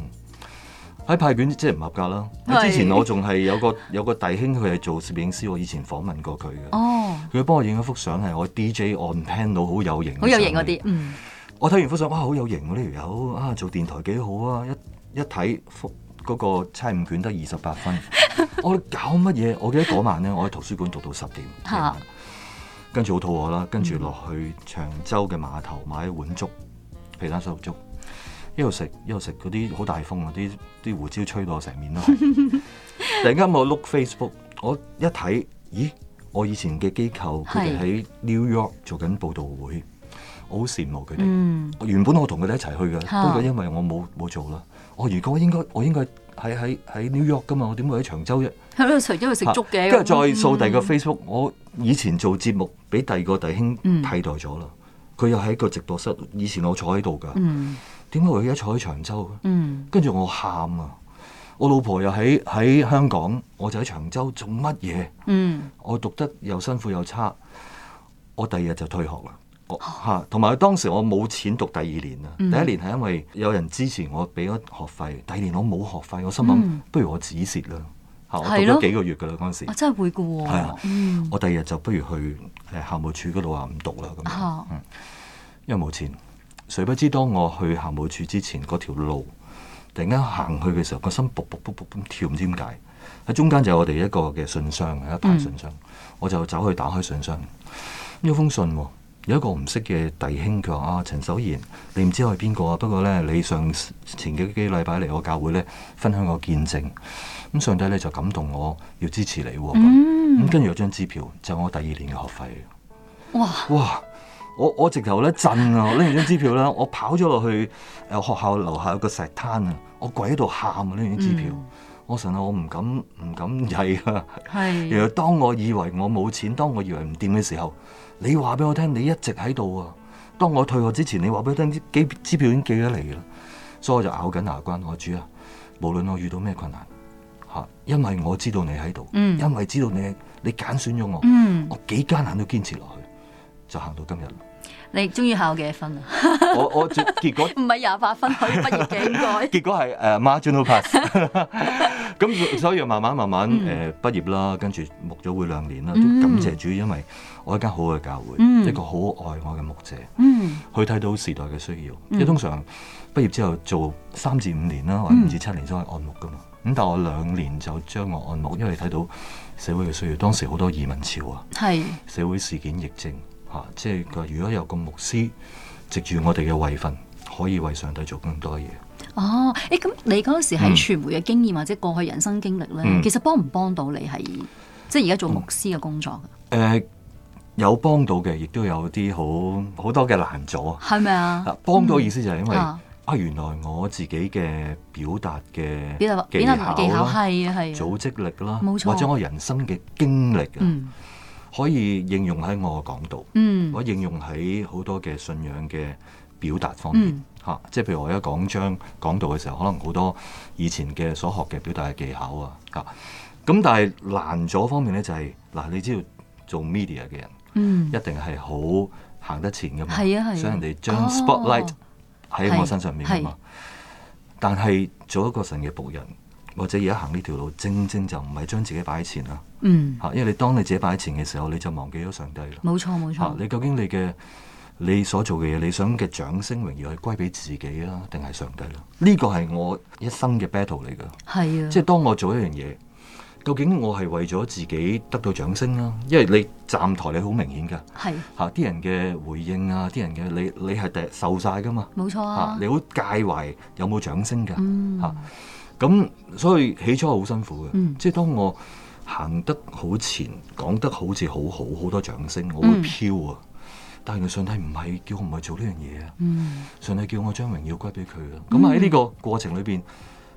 喺派卷即係唔合格啦。是之前我仲係有個有個弟兄佢係做攝影師，我以前訪問過佢嘅。哦，佢幫我影咗幅相係我 D J，on panel 好有型，好有型嗰啲，嗯。我睇完幅相，哇，好有型喎！呢條友啊，做電台幾好啊！一一睇幅嗰個差五卷得二十八分， 我搞乜嘢？我記得嗰晚咧，我喺圖書館讀到十點，跟住好肚餓啦，跟住落去長洲嘅碼頭買一碗粥，皮蛋瘦肉粥，一路食一路食嗰啲好大風啊！啲啲胡椒吹到我成面咯， 突然間我 look Facebook，我一睇，咦？我以前嘅機構佢哋喺 New York 做緊佈道會。 好羨慕佢哋。嗯、原本我同佢哋一齊去嘅，不過因為我冇冇、啊、做啦。我如果應該，我應該喺喺喺 New York 噶嘛，我點會喺長洲？啫？係咪因為食粥嘅？跟住、嗯、再掃第二個 Facebook，我以前做節目俾第二個弟兄替代咗啦。佢、嗯、又喺個直播室，以前我坐喺度噶。點解、嗯、我而家坐喺長洲？跟住、嗯、我喊啊！我老婆又喺喺香港，我就喺長洲做乜嘢？嗯嗯、我讀得又辛苦又差，我第二日就退學啦。吓，同埋當時我冇錢讀第二年啦。嗯、第一年係因為有人支持我俾咗學費，第二年我冇學費，我心諗不如我止蝕啦。吓、嗯啊，我讀咗幾個月噶啦嗰陣時，真係會噶。係啊，我第二日就不如去誒校務處嗰度話唔讀啦咁。嗯、因為冇錢。誰不知當我去校務處之前，嗰條路突然間行去嘅時候，個心卜卜卜卜咁跳唔知點解。喺中間就我哋一個嘅信箱，一排信箱，嗯、我就走去打開信箱。呢封信。有一個唔識嘅弟兄，佢話啊陳守賢，你唔知我係邊個啊？不過咧，你上前幾幾個禮拜嚟我教會咧，分享個見證，咁上帝咧就感動我，要支持你咁，咁跟住有張支票，就是、我第二年嘅學費。哇哇！我我直頭咧震啊！拎完張支票咧，我跑咗落去誒、呃、學校樓下有一個石灘啊！嗯、我跪喺度喊啊！拎完支票，我成日我唔敢唔敢曳啊！係。然後當我以為我冇錢，當我以為唔掂嘅時候。你話俾我聽，你一直喺度啊！當我退學之前，你話俾我聽，支票已經寄咗嚟啦。所以我就咬緊牙關，我 realized, 主啊，無論我遇到咩困難，嚇，因為我知道你喺度，mm, 因為知道你你揀選咗我，、mm, 我，我，我幾艱難都堅持落去，就行到今日。你中意考幾多分啊？我我結果唔係廿八分，畢業幾耐結果係誒 marginal pass。咁所以慢慢慢慢誒畢、mm, 呃、業啦，跟住牧咗會兩年啦，都感謝主，因為。啊我一間好嘅教會，嗯、一個好愛我嘅牧者，嗯、去睇到時代嘅需要。即係、嗯、通常畢業之後做三至五年啦，或者五至七年先去按牧噶嘛。咁但係我兩年就將我按牧，因為你睇到社會嘅需要。當時好多移民潮啊，是社會事件疫症，吓，即係佢。就是、如果有個牧師藉住我哋嘅位份，可以為上帝做咁多嘢。哦，誒、欸，咁你嗰時喺傳媒嘅經驗、嗯、或者過去人生經歷咧，其實幫唔幫到你係即係而家做牧師嘅工作？誒、嗯。嗯呃呃有幫到嘅，亦都有啲好好多嘅難阻。係咪啊？幫到意思就係因為啊，原來我自己嘅表達嘅技巧啦，啊係。組織力啦，冇錯，或者我人生嘅經歷，可以應用喺我講道。嗯，我應用喺好多嘅信仰嘅表達方面。嚇，即係譬如我而家講章講道嘅時候，可能好多以前嘅所學嘅表達嘅技巧啊。嚇，咁但係難阻方面咧，就係嗱，你知做 media 嘅人。嗯，一定係好行得前噶嘛，所以、啊啊、人哋將 spotlight 喺、哦、我身上面啊嘛。但係做一個神嘅僕人，或者而家行呢條路，正正就唔係將自己擺喺前啦。嗯，吓，因為你當你自己擺喺前嘅時候，你就忘記咗上帝啦。冇錯冇錯，你究竟你嘅你所做嘅嘢，你想嘅掌聲榮耀係歸俾自己啦，定係上帝咧？呢、這個係我一生嘅 battle 嚟噶。係啊，即係當我做一樣嘢。究竟我係為咗自己得到掌聲啦，啊，因為你站台你好明顯噶，係嚇啲人嘅回應啊，啲人嘅你你係第日受晒噶嘛，冇錯啊，啊你好介懷有冇掌聲噶嚇，咁、嗯啊、所以起初係好辛苦嘅，嗯、即係當我行得好前，講得好似好好好多掌聲，我會飄啊，嗯、但係上帝唔係叫我唔係做呢樣嘢啊，上帝、嗯、叫我將榮耀歸俾佢啊，咁喺呢個過程裏邊，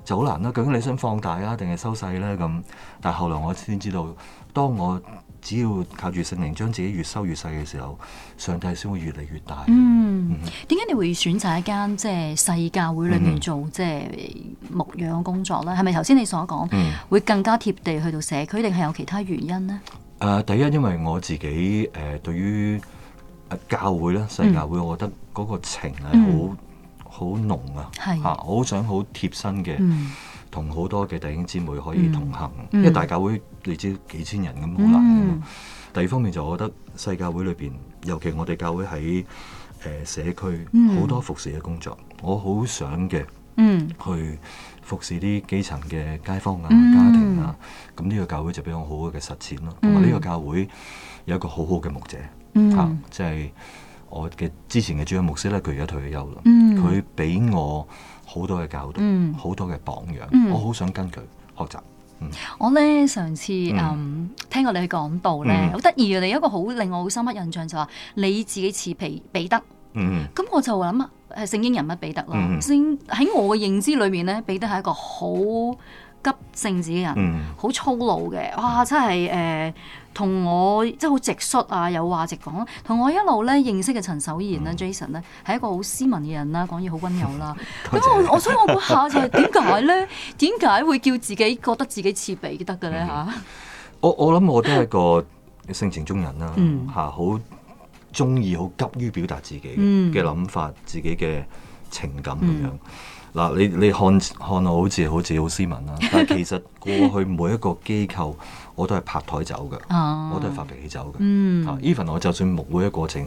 就好難啦、啊，究竟你想放大啊，定係收細咧？咁，但係後來我先知道，當我只要靠住聖靈，將自己越收越細嘅時候，上帝先會越嚟越大。嗯，點解、嗯、你會選擇一間即係細教會裏面做即係、嗯就是、牧養工作咧？係咪頭先你所講，嗯、會更加貼地去到社區，定係有其他原因呢？誒、啊，第一因為我自己誒、呃、對於教會咧、細教會，細教會嗯、我覺得嗰個情係好。嗯好濃啊，是啊！我好想好貼身嘅，同好、嗯、多嘅弟兄姊妹可以同行，嗯、因為大教會你知幾千人咁好難、啊。嗯、第二方面就我覺得，世界會裏邊，尤其我哋教會喺、呃、社區好、嗯、多服侍嘅工作，我好想嘅去服侍啲基層嘅街坊啊、嗯、家庭啊。咁呢個教會就畀我好嘅實踐咯、啊，同埋呢個教會有一個好好嘅牧者嚇，即、啊、係。嗯啊啊就是我嘅之前嘅主要牧師咧，佢而家退咗休啦。佢俾、嗯、我好多嘅教導，好、嗯、多嘅榜樣，嗯、我好想跟佢學習。嗯、我咧上次嗯，嗯聽過你去講道咧，好得意啊！你有一個好令我好深刻印象就話你自己似皮彼得，咁、嗯、我就諗啊，係聖經人物彼得咯。聖喺、嗯、我嘅認知裏面咧，彼得係一個好急性子嘅人，好、嗯、粗魯嘅。哇，真係誒～、呃嗯同我即係好直率啊，有話直講、啊。同我一路咧認識嘅陳守賢啦、啊、嗯、Jason 咧、啊，係一個好斯文嘅人啦、啊，講嘢好溫柔啦、啊。咁我、嗯、我想我嗰下就係點解咧？點解 會叫自己覺得自己似比得嘅咧嚇？我我諗我都係一個性情中人啦、啊，嚇好中意好急於表達自己嘅諗法、嗯、自己嘅情感咁樣。嗱、嗯嗯啊，你你看看我好似好似好斯文啦、啊，但係其實過去每一個機構。我都係拍台走㗎，oh. 我都係發脾氣走㗎。啊、mm.，even 我就算牧會嘅過程，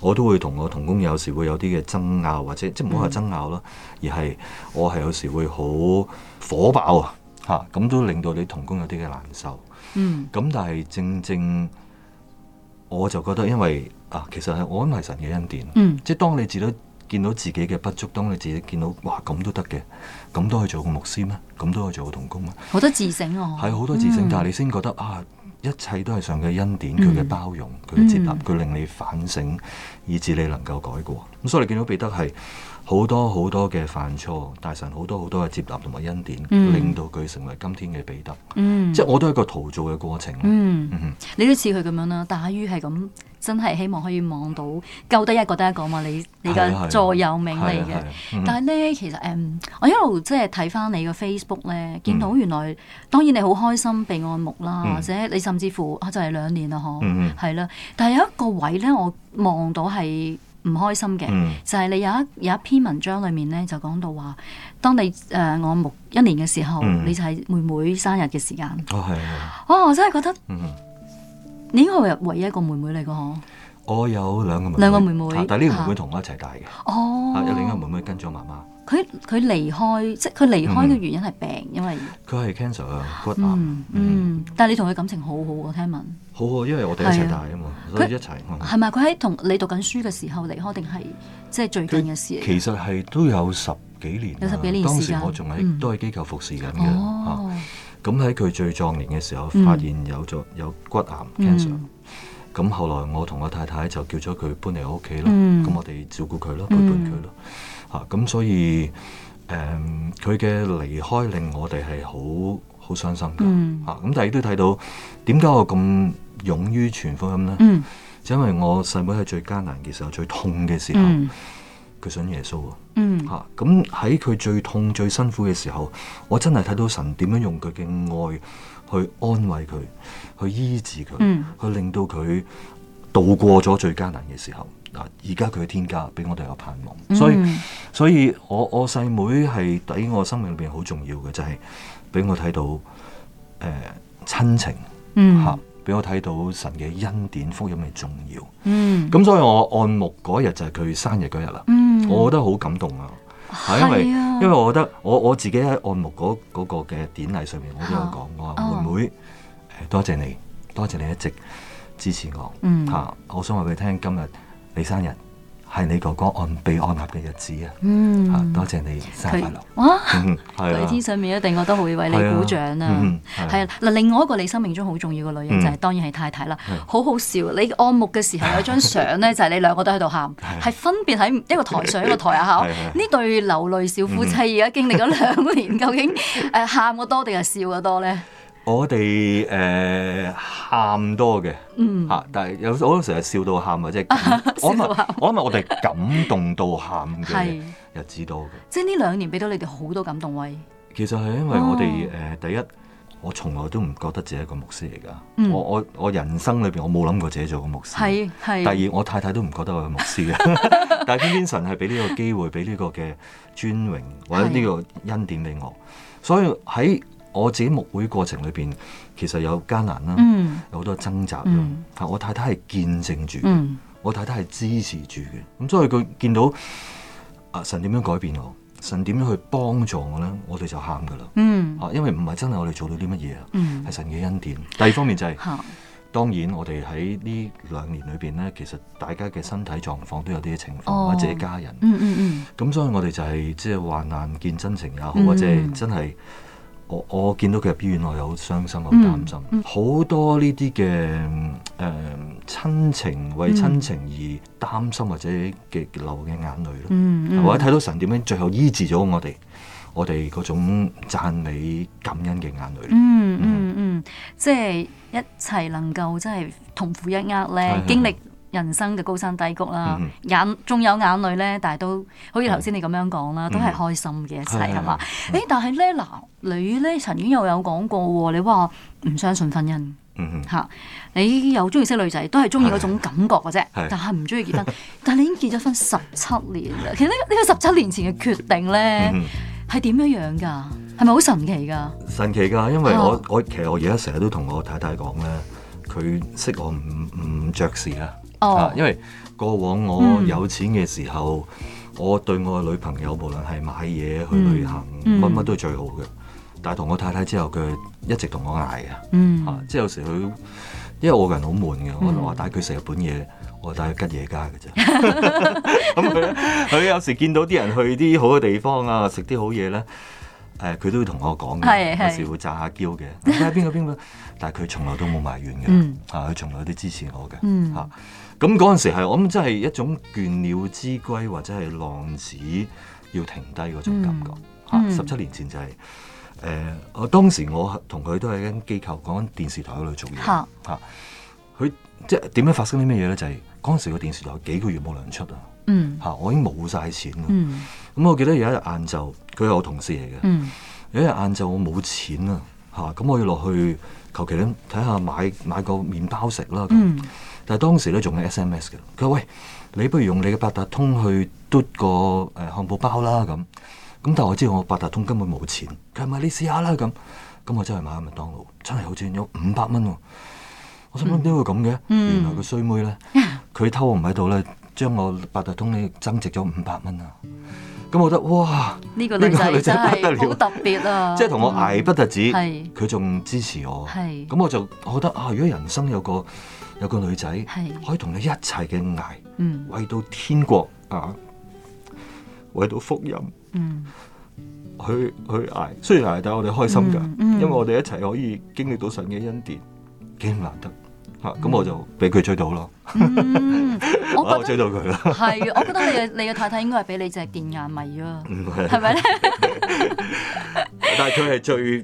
我都會同我同工有時會有啲嘅爭拗，或者即唔好話爭拗啦，mm. 而係我係有時會好火爆啊，嚇咁都令到你同工有啲嘅難受。嗯，咁但係正正，我就覺得因為啊，其實係我都係神嘅恩典。Mm. 即係當你治到。見到自己嘅不足，當你自己見到，哇咁都得嘅，咁都可以做個牧師咩？咁都可以做個童工咩？好多自省喎、啊，係好多自省，嗯、但係你先覺得啊，一切都係上帝嘅恩典，佢嘅包容，佢嘅接納，佢令你反省，嗯、以致你能夠改過。咁所以你見到彼得係。好多好多嘅犯錯，大神好多好多嘅接納同埋恩典，嗯、令到佢成為今天嘅彼得。嗯、即係我都係一個徒做嘅過程。嗯嗯、你都似佢咁樣啦，但係於係咁真係希望可以望到救得一個得一個，一個嘛。你你嘅座右銘嚟嘅，啊啊啊啊嗯、但係咧其實誒，um, 我一路即係睇翻你嘅 Facebook 咧，見到原來當然你好開心被愛慕啦，嗯、或者你甚至乎啊就係兩年啦，嗬、嗯，係啦、啊。但係有一個位咧，我望到係。唔開心嘅，嗯、就係你有一有一篇文章裏面咧就講到話，當你誒、呃、我木一年嘅時候，嗯、你就係妹妹生日嘅時間。哦係哦我真係覺得，嗯、你應該係唯一一個妹妹嚟噶嗬。我有兩個妹妹，兩個妹妹，啊、但係呢個妹妹同我一齊大嘅。哦、啊，啊有另一個妹妹跟咗媽媽。佢佢離開，即係佢離開嘅原因係病，因為佢係 cancer 啊，骨癌。嗯，但係你同佢感情好好喎，聽聞好好，因為我哋一齊大啊嘛，所以一齊。係咪佢喺同你讀緊書嘅時候離開，定係即係最近嘅事？其實係都有十幾年，有十幾年。當時我仲喺都係機構服侍緊嘅。哦，咁喺佢最壯年嘅時候，發現有咗有骨癌 cancer。咁後來我同我太太就叫咗佢搬嚟我屋企咯。咁我哋照顧佢咯，陪伴佢咯。咁、啊嗯、所以，誒、嗯，佢嘅離開令我哋係好好傷心㗎。嗯、啊，咁但係亦都睇到，點解我咁勇於傳福音呢？嗯、就因為我細妹喺最艱難嘅時候、最痛嘅時候，佢、嗯、信耶穌啊、嗯、啊。嗯，吓、啊，咁喺佢最痛、最辛苦嘅時候，我真係睇到神點樣用佢嘅愛去安慰佢，去醫治佢，嗯、去令到佢度過咗最艱難嘅時候。而家佢嘅天家俾我哋有盼望，所以所以我我細妹係喺我生命裏邊好重要嘅，就係、是、俾我睇到誒親、呃、情吓、俾、嗯啊、我睇到神嘅恩典，福音嘅重要。咁、嗯、所以我按牧嗰日就係佢生日嗰日啦。嗯、我覺得好感動啊，係、嗯、因為、啊、因為我覺得我我自己喺按牧嗰嗰個嘅、那個、典禮上面，我都有講，我話妹妹、哦、多謝你，多謝你一直支持我。吓、啊啊，我想話俾你聽今日。今你生日係你哥哥按牧按立嘅日子啊！嗯，多謝你，生日快樂。哇！喺天上面一定我都會為你鼓掌啦。係啊，嗱，另外一個你生命中好重要嘅女人就係當然係太太啦。好好笑，你按牧嘅時候有張相咧，就係你兩個都喺度喊，係分別喺一個台上一個台下。呢對流淚小夫妻而家經歷咗兩年，究竟誒喊嘅多定係笑嘅多咧？我哋誒喊多嘅，吓，但係有好多時候笑到喊，或者我諗我諗，我哋感動到喊嘅日子多嘅。即係呢兩年俾到你哋好多感動位，其實係因為我哋誒，第一，我從來都唔覺得自己係個牧師嚟㗎。我我我人生裏邊我冇諗過自己做個牧師。係第二，我太太都唔覺得我係牧師嘅。但係偏偏神係俾呢個機會，俾呢個嘅尊榮或者呢個恩典俾我。所以喺我自己牧會過程裏邊，其實有艱難啦，有好多掙扎啦。但我太太係見證住，我太太係支持住嘅。咁所以佢見到啊，神點樣改變我，神點樣去幫助我呢，我哋就喊噶啦。嗯，因為唔係真係我哋做到啲乜嘢啊，係神嘅恩典。第二方面就係，當然我哋喺呢兩年裏邊呢，其實大家嘅身體狀況都有啲情況，或者家人。咁所以我哋就係即係患難見真情也好，或者係真係。我我見到佢入醫院，我有好傷心，好擔心，好、嗯嗯、多呢啲嘅誒親情，為親情而擔心或者嘅流嘅眼淚咯，嗯嗯、或者睇到神點樣最後醫治咗我哋，我哋嗰種讚美感恩嘅眼淚。嗯嗯嗯，即係一齊能夠即係同苦一厄咧，哎、呀 經歷。人生嘅高山低谷啦，眼仲有眼淚咧，但係都好似頭先你咁樣講啦，都係開心嘅一齊係嘛？誒，但係咧嗱你咧，曾經又有講過喎，你話唔相信婚姻，嚇你又中意識女仔，都係中意嗰種感覺嘅啫，但係唔中意結婚。但係你已經結咗婚十七年啦，其實呢呢個十七年前嘅決定咧，係點樣樣㗎？係咪好神奇㗎？神奇㗎，因為我我其實我而家成日都同我太太講咧，佢識我唔唔著事啊。啊，因為過往我有錢嘅時候，嗯、我對我嘅女朋友無論係買嘢去旅行，乜乜、嗯、都係最好嘅。但係同我太太之後，佢一直同我嗌嘅，嗯、啊，即係有時佢，因為我個人好悶嘅，我就話帶佢食日本嘢，我帶佢吉野家嘅啫。咁佢佢有時見到啲人去啲好嘅地方啊，食啲好嘢咧。誒佢、呃、都會同我講嘅，有時會詐下嬌嘅。睇下邊個邊個，誰誰 但係佢從來都冇埋怨嘅。嚇、嗯，佢、啊、從來都支持我嘅。嚇、嗯，咁嗰陣時係我諗，真係一種倦鳥之歸或者係浪子要停低嗰種感覺。嚇、嗯，十七、啊、年前就係、是、誒、呃，我當時我同佢都係一間機構、講緊電視台嗰度做嘢。嚇、嗯，佢、啊、即係點樣發生啲咩嘢咧？就係、是、當時個電視台幾個月冇糧出啊！嗯，吓我已經冇晒錢啦、嗯。咁、嗯、我記得有一日晏晝，佢係我同事嚟嘅。嗯、有一日晏晝我冇錢啦，吓咁我要落去求其咧睇下買買個麵包食啦。嗯，但係當時咧仲係 SMS 嘅。佢話喂，你不如用你嘅八達通去嘟個誒漢堡包啦咁。咁但係我知道我八達通根本冇錢。佢話咪你試下啦咁。咁我真係買麥當勞，真係好似有五百蚊。我想問點會咁嘅？嗯、原來個衰妹咧，佢偷我唔喺度咧。將我八達通呢增值咗五百蚊啊！咁我覺得哇，呢個呢個女仔不得了，好特別啊！即係同我捱不特止，佢仲、嗯、支持我。咁是我就，我覺得啊，如果人生有個有個女仔，是可以同你一齊嘅捱，嗯、為到天國啊，uh, 為到福音，嗯、去去捱。雖然捱，但我哋開心噶，嗯、因為我哋一齊可以經歷到神嘅恩典，幾難得。咁、嗯、我就俾佢追到咯 我覺得。嗯， 我追到佢啦。係，我覺得你嘅你嘅太太應該係俾你隻電眼迷咗，嗯是，係。咪咧 但係佢係最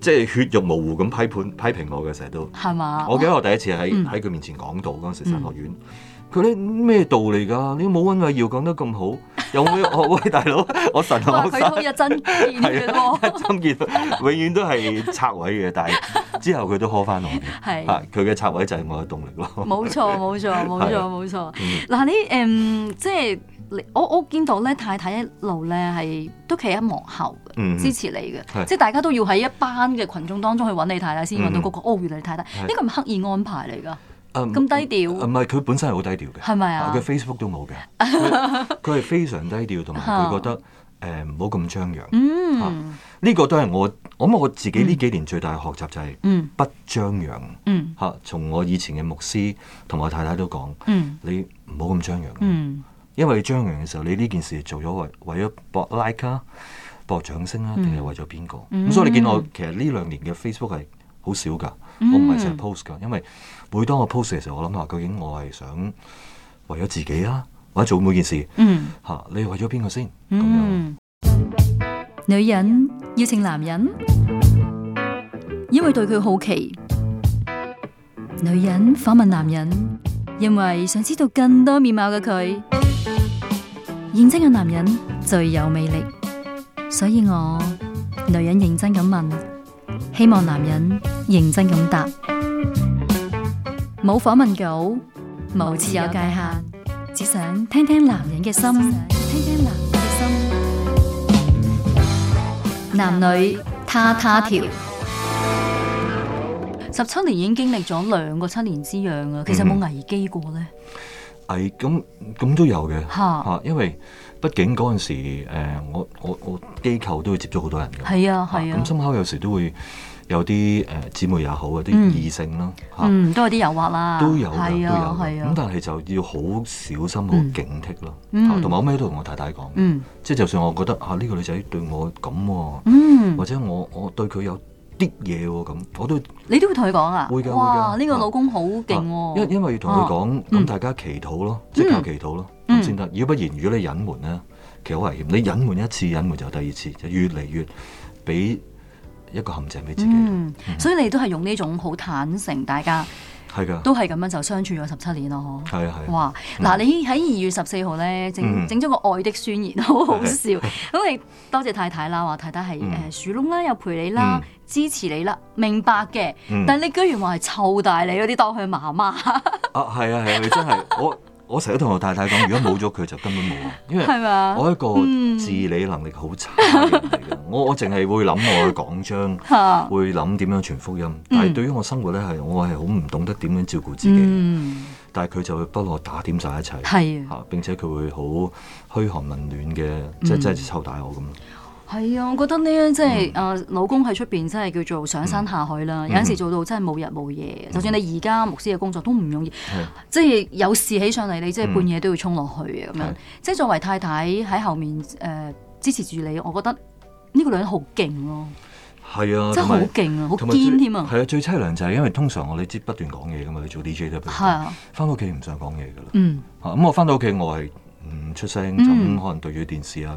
即係血肉模糊咁批判批評我嘅成日都。係嘛吧？我記得我第一次喺喺佢面前講道嗰陣時，神學院。嗯嗯佢啲咩道理㗎？你冇温慧耀講得咁好，有冇？我喂，大佬，我神佢好有真見嘅喎，真見永遠都係拆位嘅，但係之後佢都呵翻我嘅。佢嘅拆位就係我嘅動力咯。冇錯，冇錯，冇錯，冇錯。嗱，你誒，即係我我見到咧，太太一路咧係都企喺幕後支持你嘅。即係大家都要喺一班嘅群眾當中去揾你太太，先揾到嗰個哦，原來你太太。呢個係刻意安排嚟㗎。咁、啊、低調？唔係、啊，佢、啊、本身係好低調嘅。係咪啊？佢 Facebook 都冇嘅。佢係非常低調，同埋佢覺得誒唔好咁張揚。呢、啊這個都係我，我諗我自己呢幾年最大嘅學習就係不張揚。嗯，嚇，從我以前嘅牧師同埋我太太都講，嗯、你唔好咁張揚。嗯、因為張揚嘅時候，你呢件事做咗為為咗博 like 啊，博掌聲啊，定係為咗邊個？咁、嗯嗯、所以你見我其實呢兩年嘅 Facebook 係好少㗎。Mm hmm. 我唔係成日 post 噶，因為每當我 post 嘅時候，我諗下究竟我係想為咗自己啊，或者做每件事，吓、mm hmm. 啊、你為咗邊個先？嗯、mm，hmm. 咁樣。女人邀請男人，因為對佢好奇；女人訪問男人，因為想知道更多面貌嘅佢。認真嘅男人最有魅力，所以我女人認真咁問。希望男人認真咁答，冇訪問稿，冇自有界限，只想聽聽男人嘅心，聽聽男人嘅心。男女他她調，十七、嗯、年已經經歷咗兩個七年之癢啊。其實冇危機過呢？係咁咁都有嘅吓吓， 因為。畢竟嗰陣時，誒，我我我機構都會接觸好多人嘅，係啊係啊。咁深刻有時都會有啲誒姊妹也好啊，啲異性啦，嗯，都有啲誘惑啦，都有都有。咁但係就要好小心，好警惕咯。同埋我咩都同我太太講，即係就算我覺得吓呢個女仔對我咁，或者我我對佢有啲嘢喎咁，我都你都會同佢講啊，會嘅，哇，呢個老公好勁喎，因因為要同佢講，咁大家祈禱咯，即靠祈禱咯。咁先得，要不然如果你隱瞞咧，其實好危險。你隱瞞一次，隱瞞就第二次，就越嚟越俾一個陷阱俾自己。所以你都係用呢種好坦誠，大家係噶，都係咁樣就相處咗十七年咯，嗬。係啊係。哇！嗱，你喺二月十四號咧，整整咗個愛的宣言，好好笑。咁你多謝太太啦，話太太係誒鼠窿啦，又陪你啦，支持你啦，明白嘅。但你居然話係湊大你嗰啲當佢媽媽。啊係啊係啊！你真係我。我成日同我太太講，如果冇咗佢就根本冇，因為吧我一個自理能力好差嘅人嚟嘅， 我我淨係會諗我嘅講章， 會諗點樣傳福音，但係對於我生活咧係我係好唔懂得點樣照顧自己， 嗯、但係佢就會幫我打點晒一切，係啊的，並且佢會好噓寒問暖嘅，即係、 嗯、即係湊大我咁。係啊，我覺得呢樣，即係誒，老公喺出邊真係叫做上山下海啦，有陣時做到真係冇日冇夜。就算你而家牧師嘅工作都唔容易，即係有事起上嚟，你即係半夜都要衝落去咁樣。即係作為太太喺後面誒支持住你，我覺得呢個女人好勁咯。係啊，真係好勁啊，好堅添啊。係啊，最淒涼就係因為通常我哋知不斷講嘢噶嘛，你做 DJ 都係啊，翻屋企唔想講嘢噶啦。咁我翻到屋企我係唔出聲，咁可能對住電視啊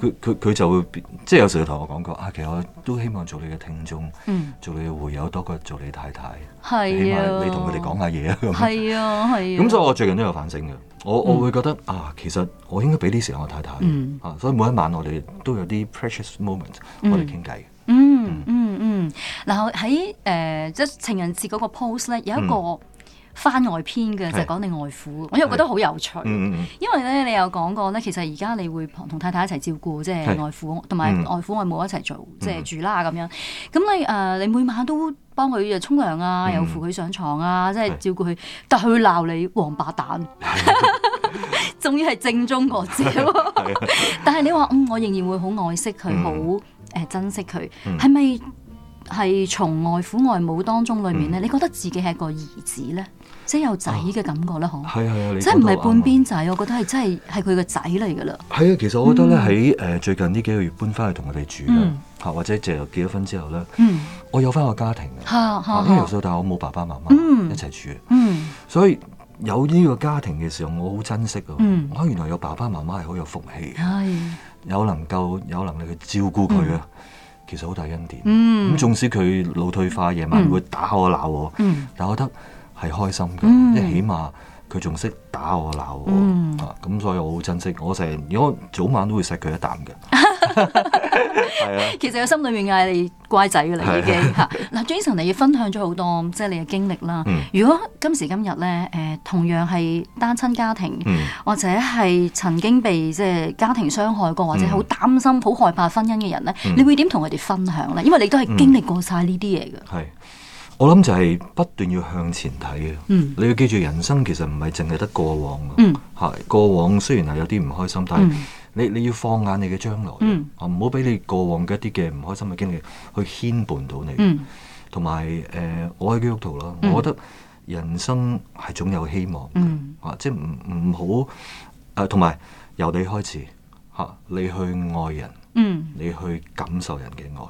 佢佢佢就會即係有時同我講過啊，其實我都希望做你嘅聽眾，嗯、做你嘅會友多過做你太太，啊、起碼你同佢哋講下嘢咁。係啊，係啊。咁錯所以我最近都有反省嘅，我、嗯、我會覺得啊，其實我應該俾啲時間我太太、嗯、啊，所以每一晚我哋都有啲 precious moment，我哋傾偈。嗯嗯嗯，然後喺誒即係情人節嗰個 pose 咧，有一個、嗯。番外篇嘅就係講你外父，我又覺得好有趣，因為咧你有講過咧，其實而家你會同太太一齊照顧，即係外父，同埋外父外母一齊做，即係住啦咁樣。咁你誒你每晚都幫佢沖涼啊，又扶佢上床啊，即係照顧佢，但係佢鬧你王八蛋，終於係正宗我知。但係你話嗯，我仍然會好愛惜佢，好誒珍惜佢，係咪係從外父外母當中裡面咧？你覺得自己係一個兒子咧？即係有仔嘅感覺啦。嗬！即係唔係半邊仔，我覺得係真係係佢個仔嚟噶啦。係啊，其實我覺得咧喺誒最近呢幾個月搬翻去同佢哋住啦，吓或者借就結咗婚之後咧，我有翻個家庭啊，因為由細到大我冇爸爸媽媽一齊住，所以有呢個家庭嘅時候我好珍惜噶。我原來有爸爸媽媽係好有福氣，有能夠有能力去照顧佢啊，其實好大恩典。咁縱使佢老退化，夜晚會打我鬧我，但係我覺得。係開心嘅，即係起碼佢仲識打我鬧我，咁所以我好珍惜。我成日，如果早晚都會錫佢一啖嘅。其實我心裏面嗌你乖仔嘅啦，已經吓。嗱，Jason，你要分享咗好多，即係你嘅經歷啦。如果今時今日咧，誒，同樣係單親家庭，或者係曾經被即係家庭傷害過，或者好擔心、好害怕婚姻嘅人咧，你會點同佢哋分享咧？因為你都係經歷過曬呢啲嘢嘅。係。我諗就係不斷要向前睇嘅，你要記住人生其實唔係淨係得過往嘅。吓，過往雖然係有啲唔開心，但係你你要放眼你嘅將來，啊唔好俾你過往嘅一啲嘅唔開心嘅經歷去牽絆到你，同埋誒，我係基督徒啦，我覺得人生係總有希望嘅，啊即係唔唔好誒，同埋由你開始吓，你去愛人，你去感受人嘅愛。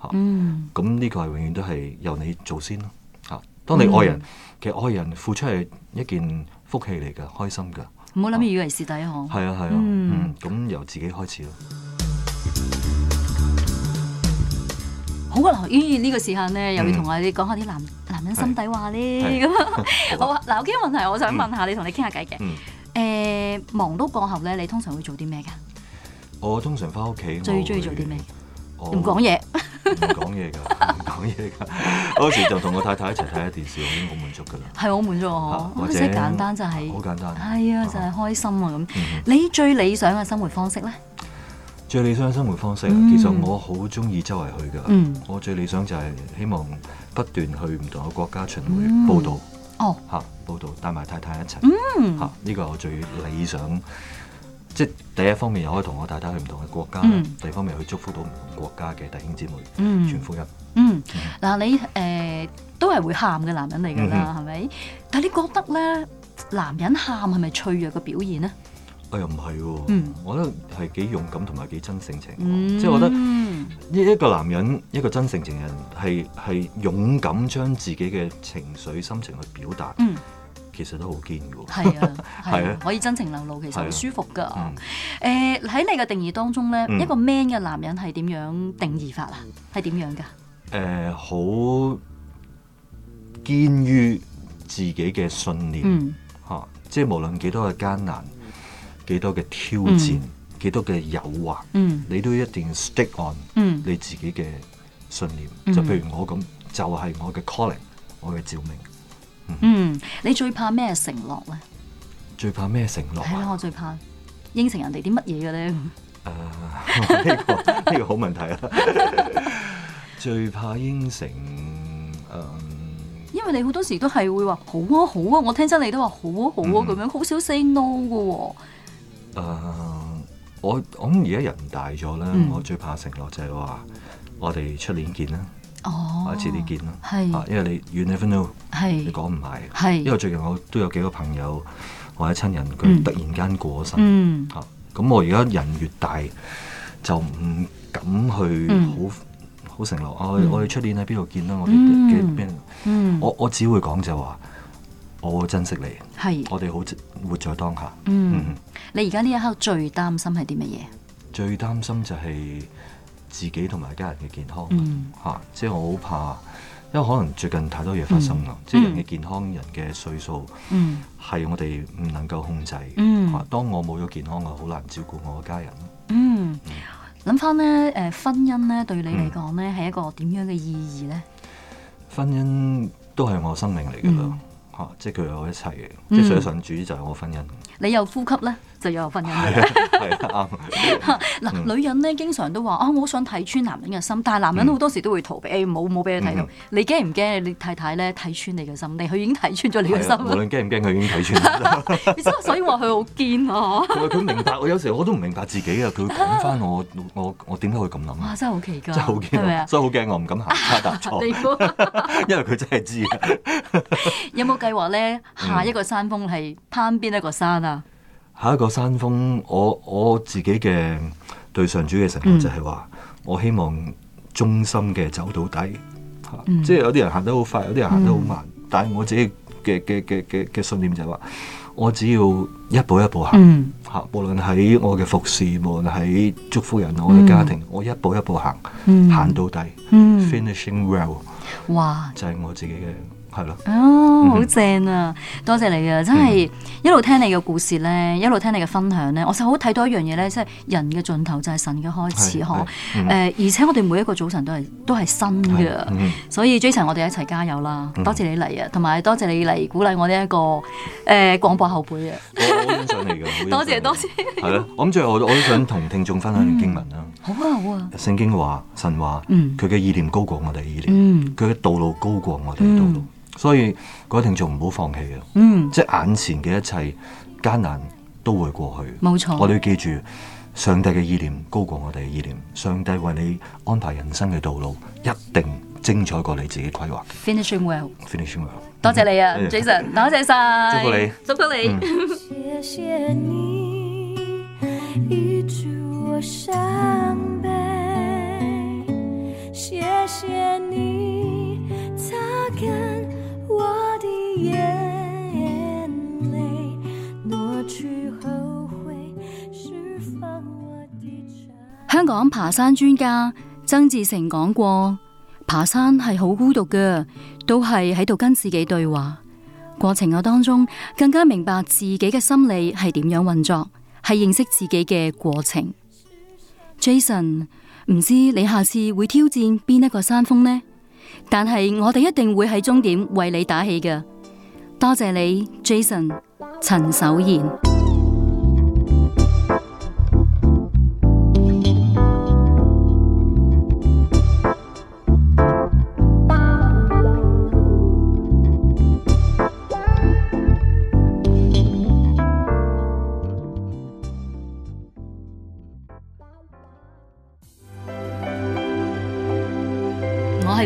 吓，咁呢個係永遠都係由你做先咯。吓，當你愛人，其實愛人付出係一件福氣嚟噶，開心噶。唔好諗住以為是第一行。係啊係啊。嗯，咁由自己開始咯。好啊，呢個時間咧又要同我哋講下啲男男人心底話咧，咁好啊。嗱，有啲問題我想問下你，同你傾下偈嘅。誒，忙到過後咧，你通常會做啲咩噶？我通常翻屋企最中意做啲咩？唔講嘢，唔講嘢噶，唔講嘢噶。嗰時就同我太太一齊睇下電視，我已經好滿足噶啦。係好滿足，或者簡單就係好簡單。係啊，就係開心啊咁。你最理想嘅生活方式咧？最理想嘅生活方式其實我好中意周圍去嘅。我最理想就係希望不斷去唔同嘅國家巡回報道。哦，吓報道帶埋太太一齊。嗯，吓呢個係我最理想。即係第一方面又可以我帶帶同我太太去唔同嘅國家，嗯、第二方面去祝福到唔同國家嘅弟兄姊妹，嗯、傳福音。嗯，嗱、嗯、你誒、呃、都係會喊嘅男人嚟㗎啦，係咪、嗯哼？但係你覺得咧，男人喊係咪脆弱嘅表現咧？誒又唔係喎，嗯、我覺得係幾勇敢同埋幾真性情。嗯、即係我覺得，一一個男人一個真性情人係係勇敢將自己嘅情緒心情去表達。嗯其實都好堅噶喎，係啊，係啊， 啊可以真情流露，其實好舒服噶。誒、啊，喺、嗯欸、你嘅定義當中咧，嗯、一個 man 嘅男人係點樣定義法啊？係點樣噶？誒、呃，好堅於自己嘅信念，嚇、嗯啊，即係無論幾多嘅艱難、幾多嘅挑戰、幾、嗯、多嘅誘惑，嗯、你都一定要 stick on、嗯、你自己嘅信念。嗯、就譬如我咁，就係、是、我嘅 calling，我嘅照明。嗯，你最怕咩承諾咧？最怕咩承諾、啊？係啊、哎，我最怕應承人哋啲乜嘢嘅咧。誒、uh,，呢、這個、 個好問題啊！ 最怕應承誒，嗯、因為你好多時都係會話好啊好啊，我聽真你都話好啊好啊咁、mm. 樣，好少 say no 嘅、啊。誒、uh,，我我而家人大咗啦，mm. 我最怕承諾就係話我哋出年見啦。哦，一次啲見咯，因為你遠你分到，你講唔係。因為最近我都有幾個朋友或者親人佢突然間過身。嚇咁我而家人越大就唔敢去好好承諾。我我哋出年喺邊度見啦？我哋見邊？我我只會講就話我會珍惜你。係，我哋好活在當下。嗯，你而家呢一刻最擔心係啲乜嘢？最擔心就係，自己同埋家人嘅健康，嚇、嗯啊，即係我好怕，因為可能最近太多嘢發生啦，嗯、即係人嘅健康、嗯、人嘅歲數，係我哋唔能夠控制。嚇、嗯啊，當我冇咗健康，我好難照顧我嘅家人。嗯，諗翻咧，誒、呃，婚姻咧，對你嚟講咧，係一個點樣嘅意義咧？嗯嗯、婚姻都係我生命嚟噶啦，嚇、嗯啊，即係佢有一切嘅，即係最想主就係我婚姻。嗯、你又呼吸啦。就有婚姻啦，啱、啊。嗱、啊， 喏嗯、女人咧經常都話啊，我想睇穿男人嘅心，但係男人好多時都會逃避，冇冇俾佢睇到。嗯、你驚唔驚？你太太咧睇穿你嘅心，你佢已經睇穿咗你嘅心、啊。無論驚唔驚，佢已經睇穿。 所以話佢好堅啊 佢話佢明白！我有時我都唔明白自己嘅，佢講翻我，我我點解會咁諗？哇、啊！真係好奇怪，真係好驚，是是所以好驚我唔敢行差踏錯，因為佢真係知。 有冇計劃咧？下一個山峰係攀邊一個山啊！下一個山峰，我我自己嘅對上主嘅承諾就係話，嗯、我希望忠心嘅走到底，嗯啊、即係有啲人行得好快，有啲人行得好慢，嗯、但係我自己嘅嘅嘅嘅嘅信念就係話，我只要一步一步行，吓、嗯，無論喺我嘅服侍，無論喺祝福人、嗯、我嘅家庭，我一步一步行，嗯、行到底、嗯嗯、finishing well，哇，哇就係我自己嘅。係咯，啊，好正啊！多謝你啊，真係一路聽你嘅故事咧，一路聽你嘅分享咧，我就好睇到一樣嘢咧，即係人嘅盡頭就係神嘅開始嗬。誒，而且我哋每一個早晨都係都係新嘅，所以 Jason，我哋一齊加油啦！多謝你嚟啊，同埋多謝你嚟鼓勵我呢一個誒廣播後輩啊！好欣賞你，多謝多謝。係咯，我諗最後我都想同聽眾分享經文啦。好啊好啊。聖經話神話，佢嘅意念高過我哋意念，佢嘅道路高過我哋嘅道路。所以決定做唔好放棄啊，嗯，即係眼前嘅一切艱難都會過去，冇錯。我哋要記住，上帝嘅意念高過我哋嘅意念，上帝為你安排人生嘅道路一定精彩過你自己規劃嘅。Finishing well, finishing well，finishing well，多謝你啊，Jason，多謝晒，祝福你，祝福你。謝謝你，醫治我傷悲，謝謝你。香港爬山專家曾志成講過：爬山係好孤獨嘅，都係喺度跟自己對話。過程我當中更加明白自己嘅心理係點樣運作，係認識自己嘅過程。Jason，唔知你下次會挑戰邊一個山峰呢？但係我哋一定會喺終點為你打氣嘅。多謝你，Jason 陳守賢。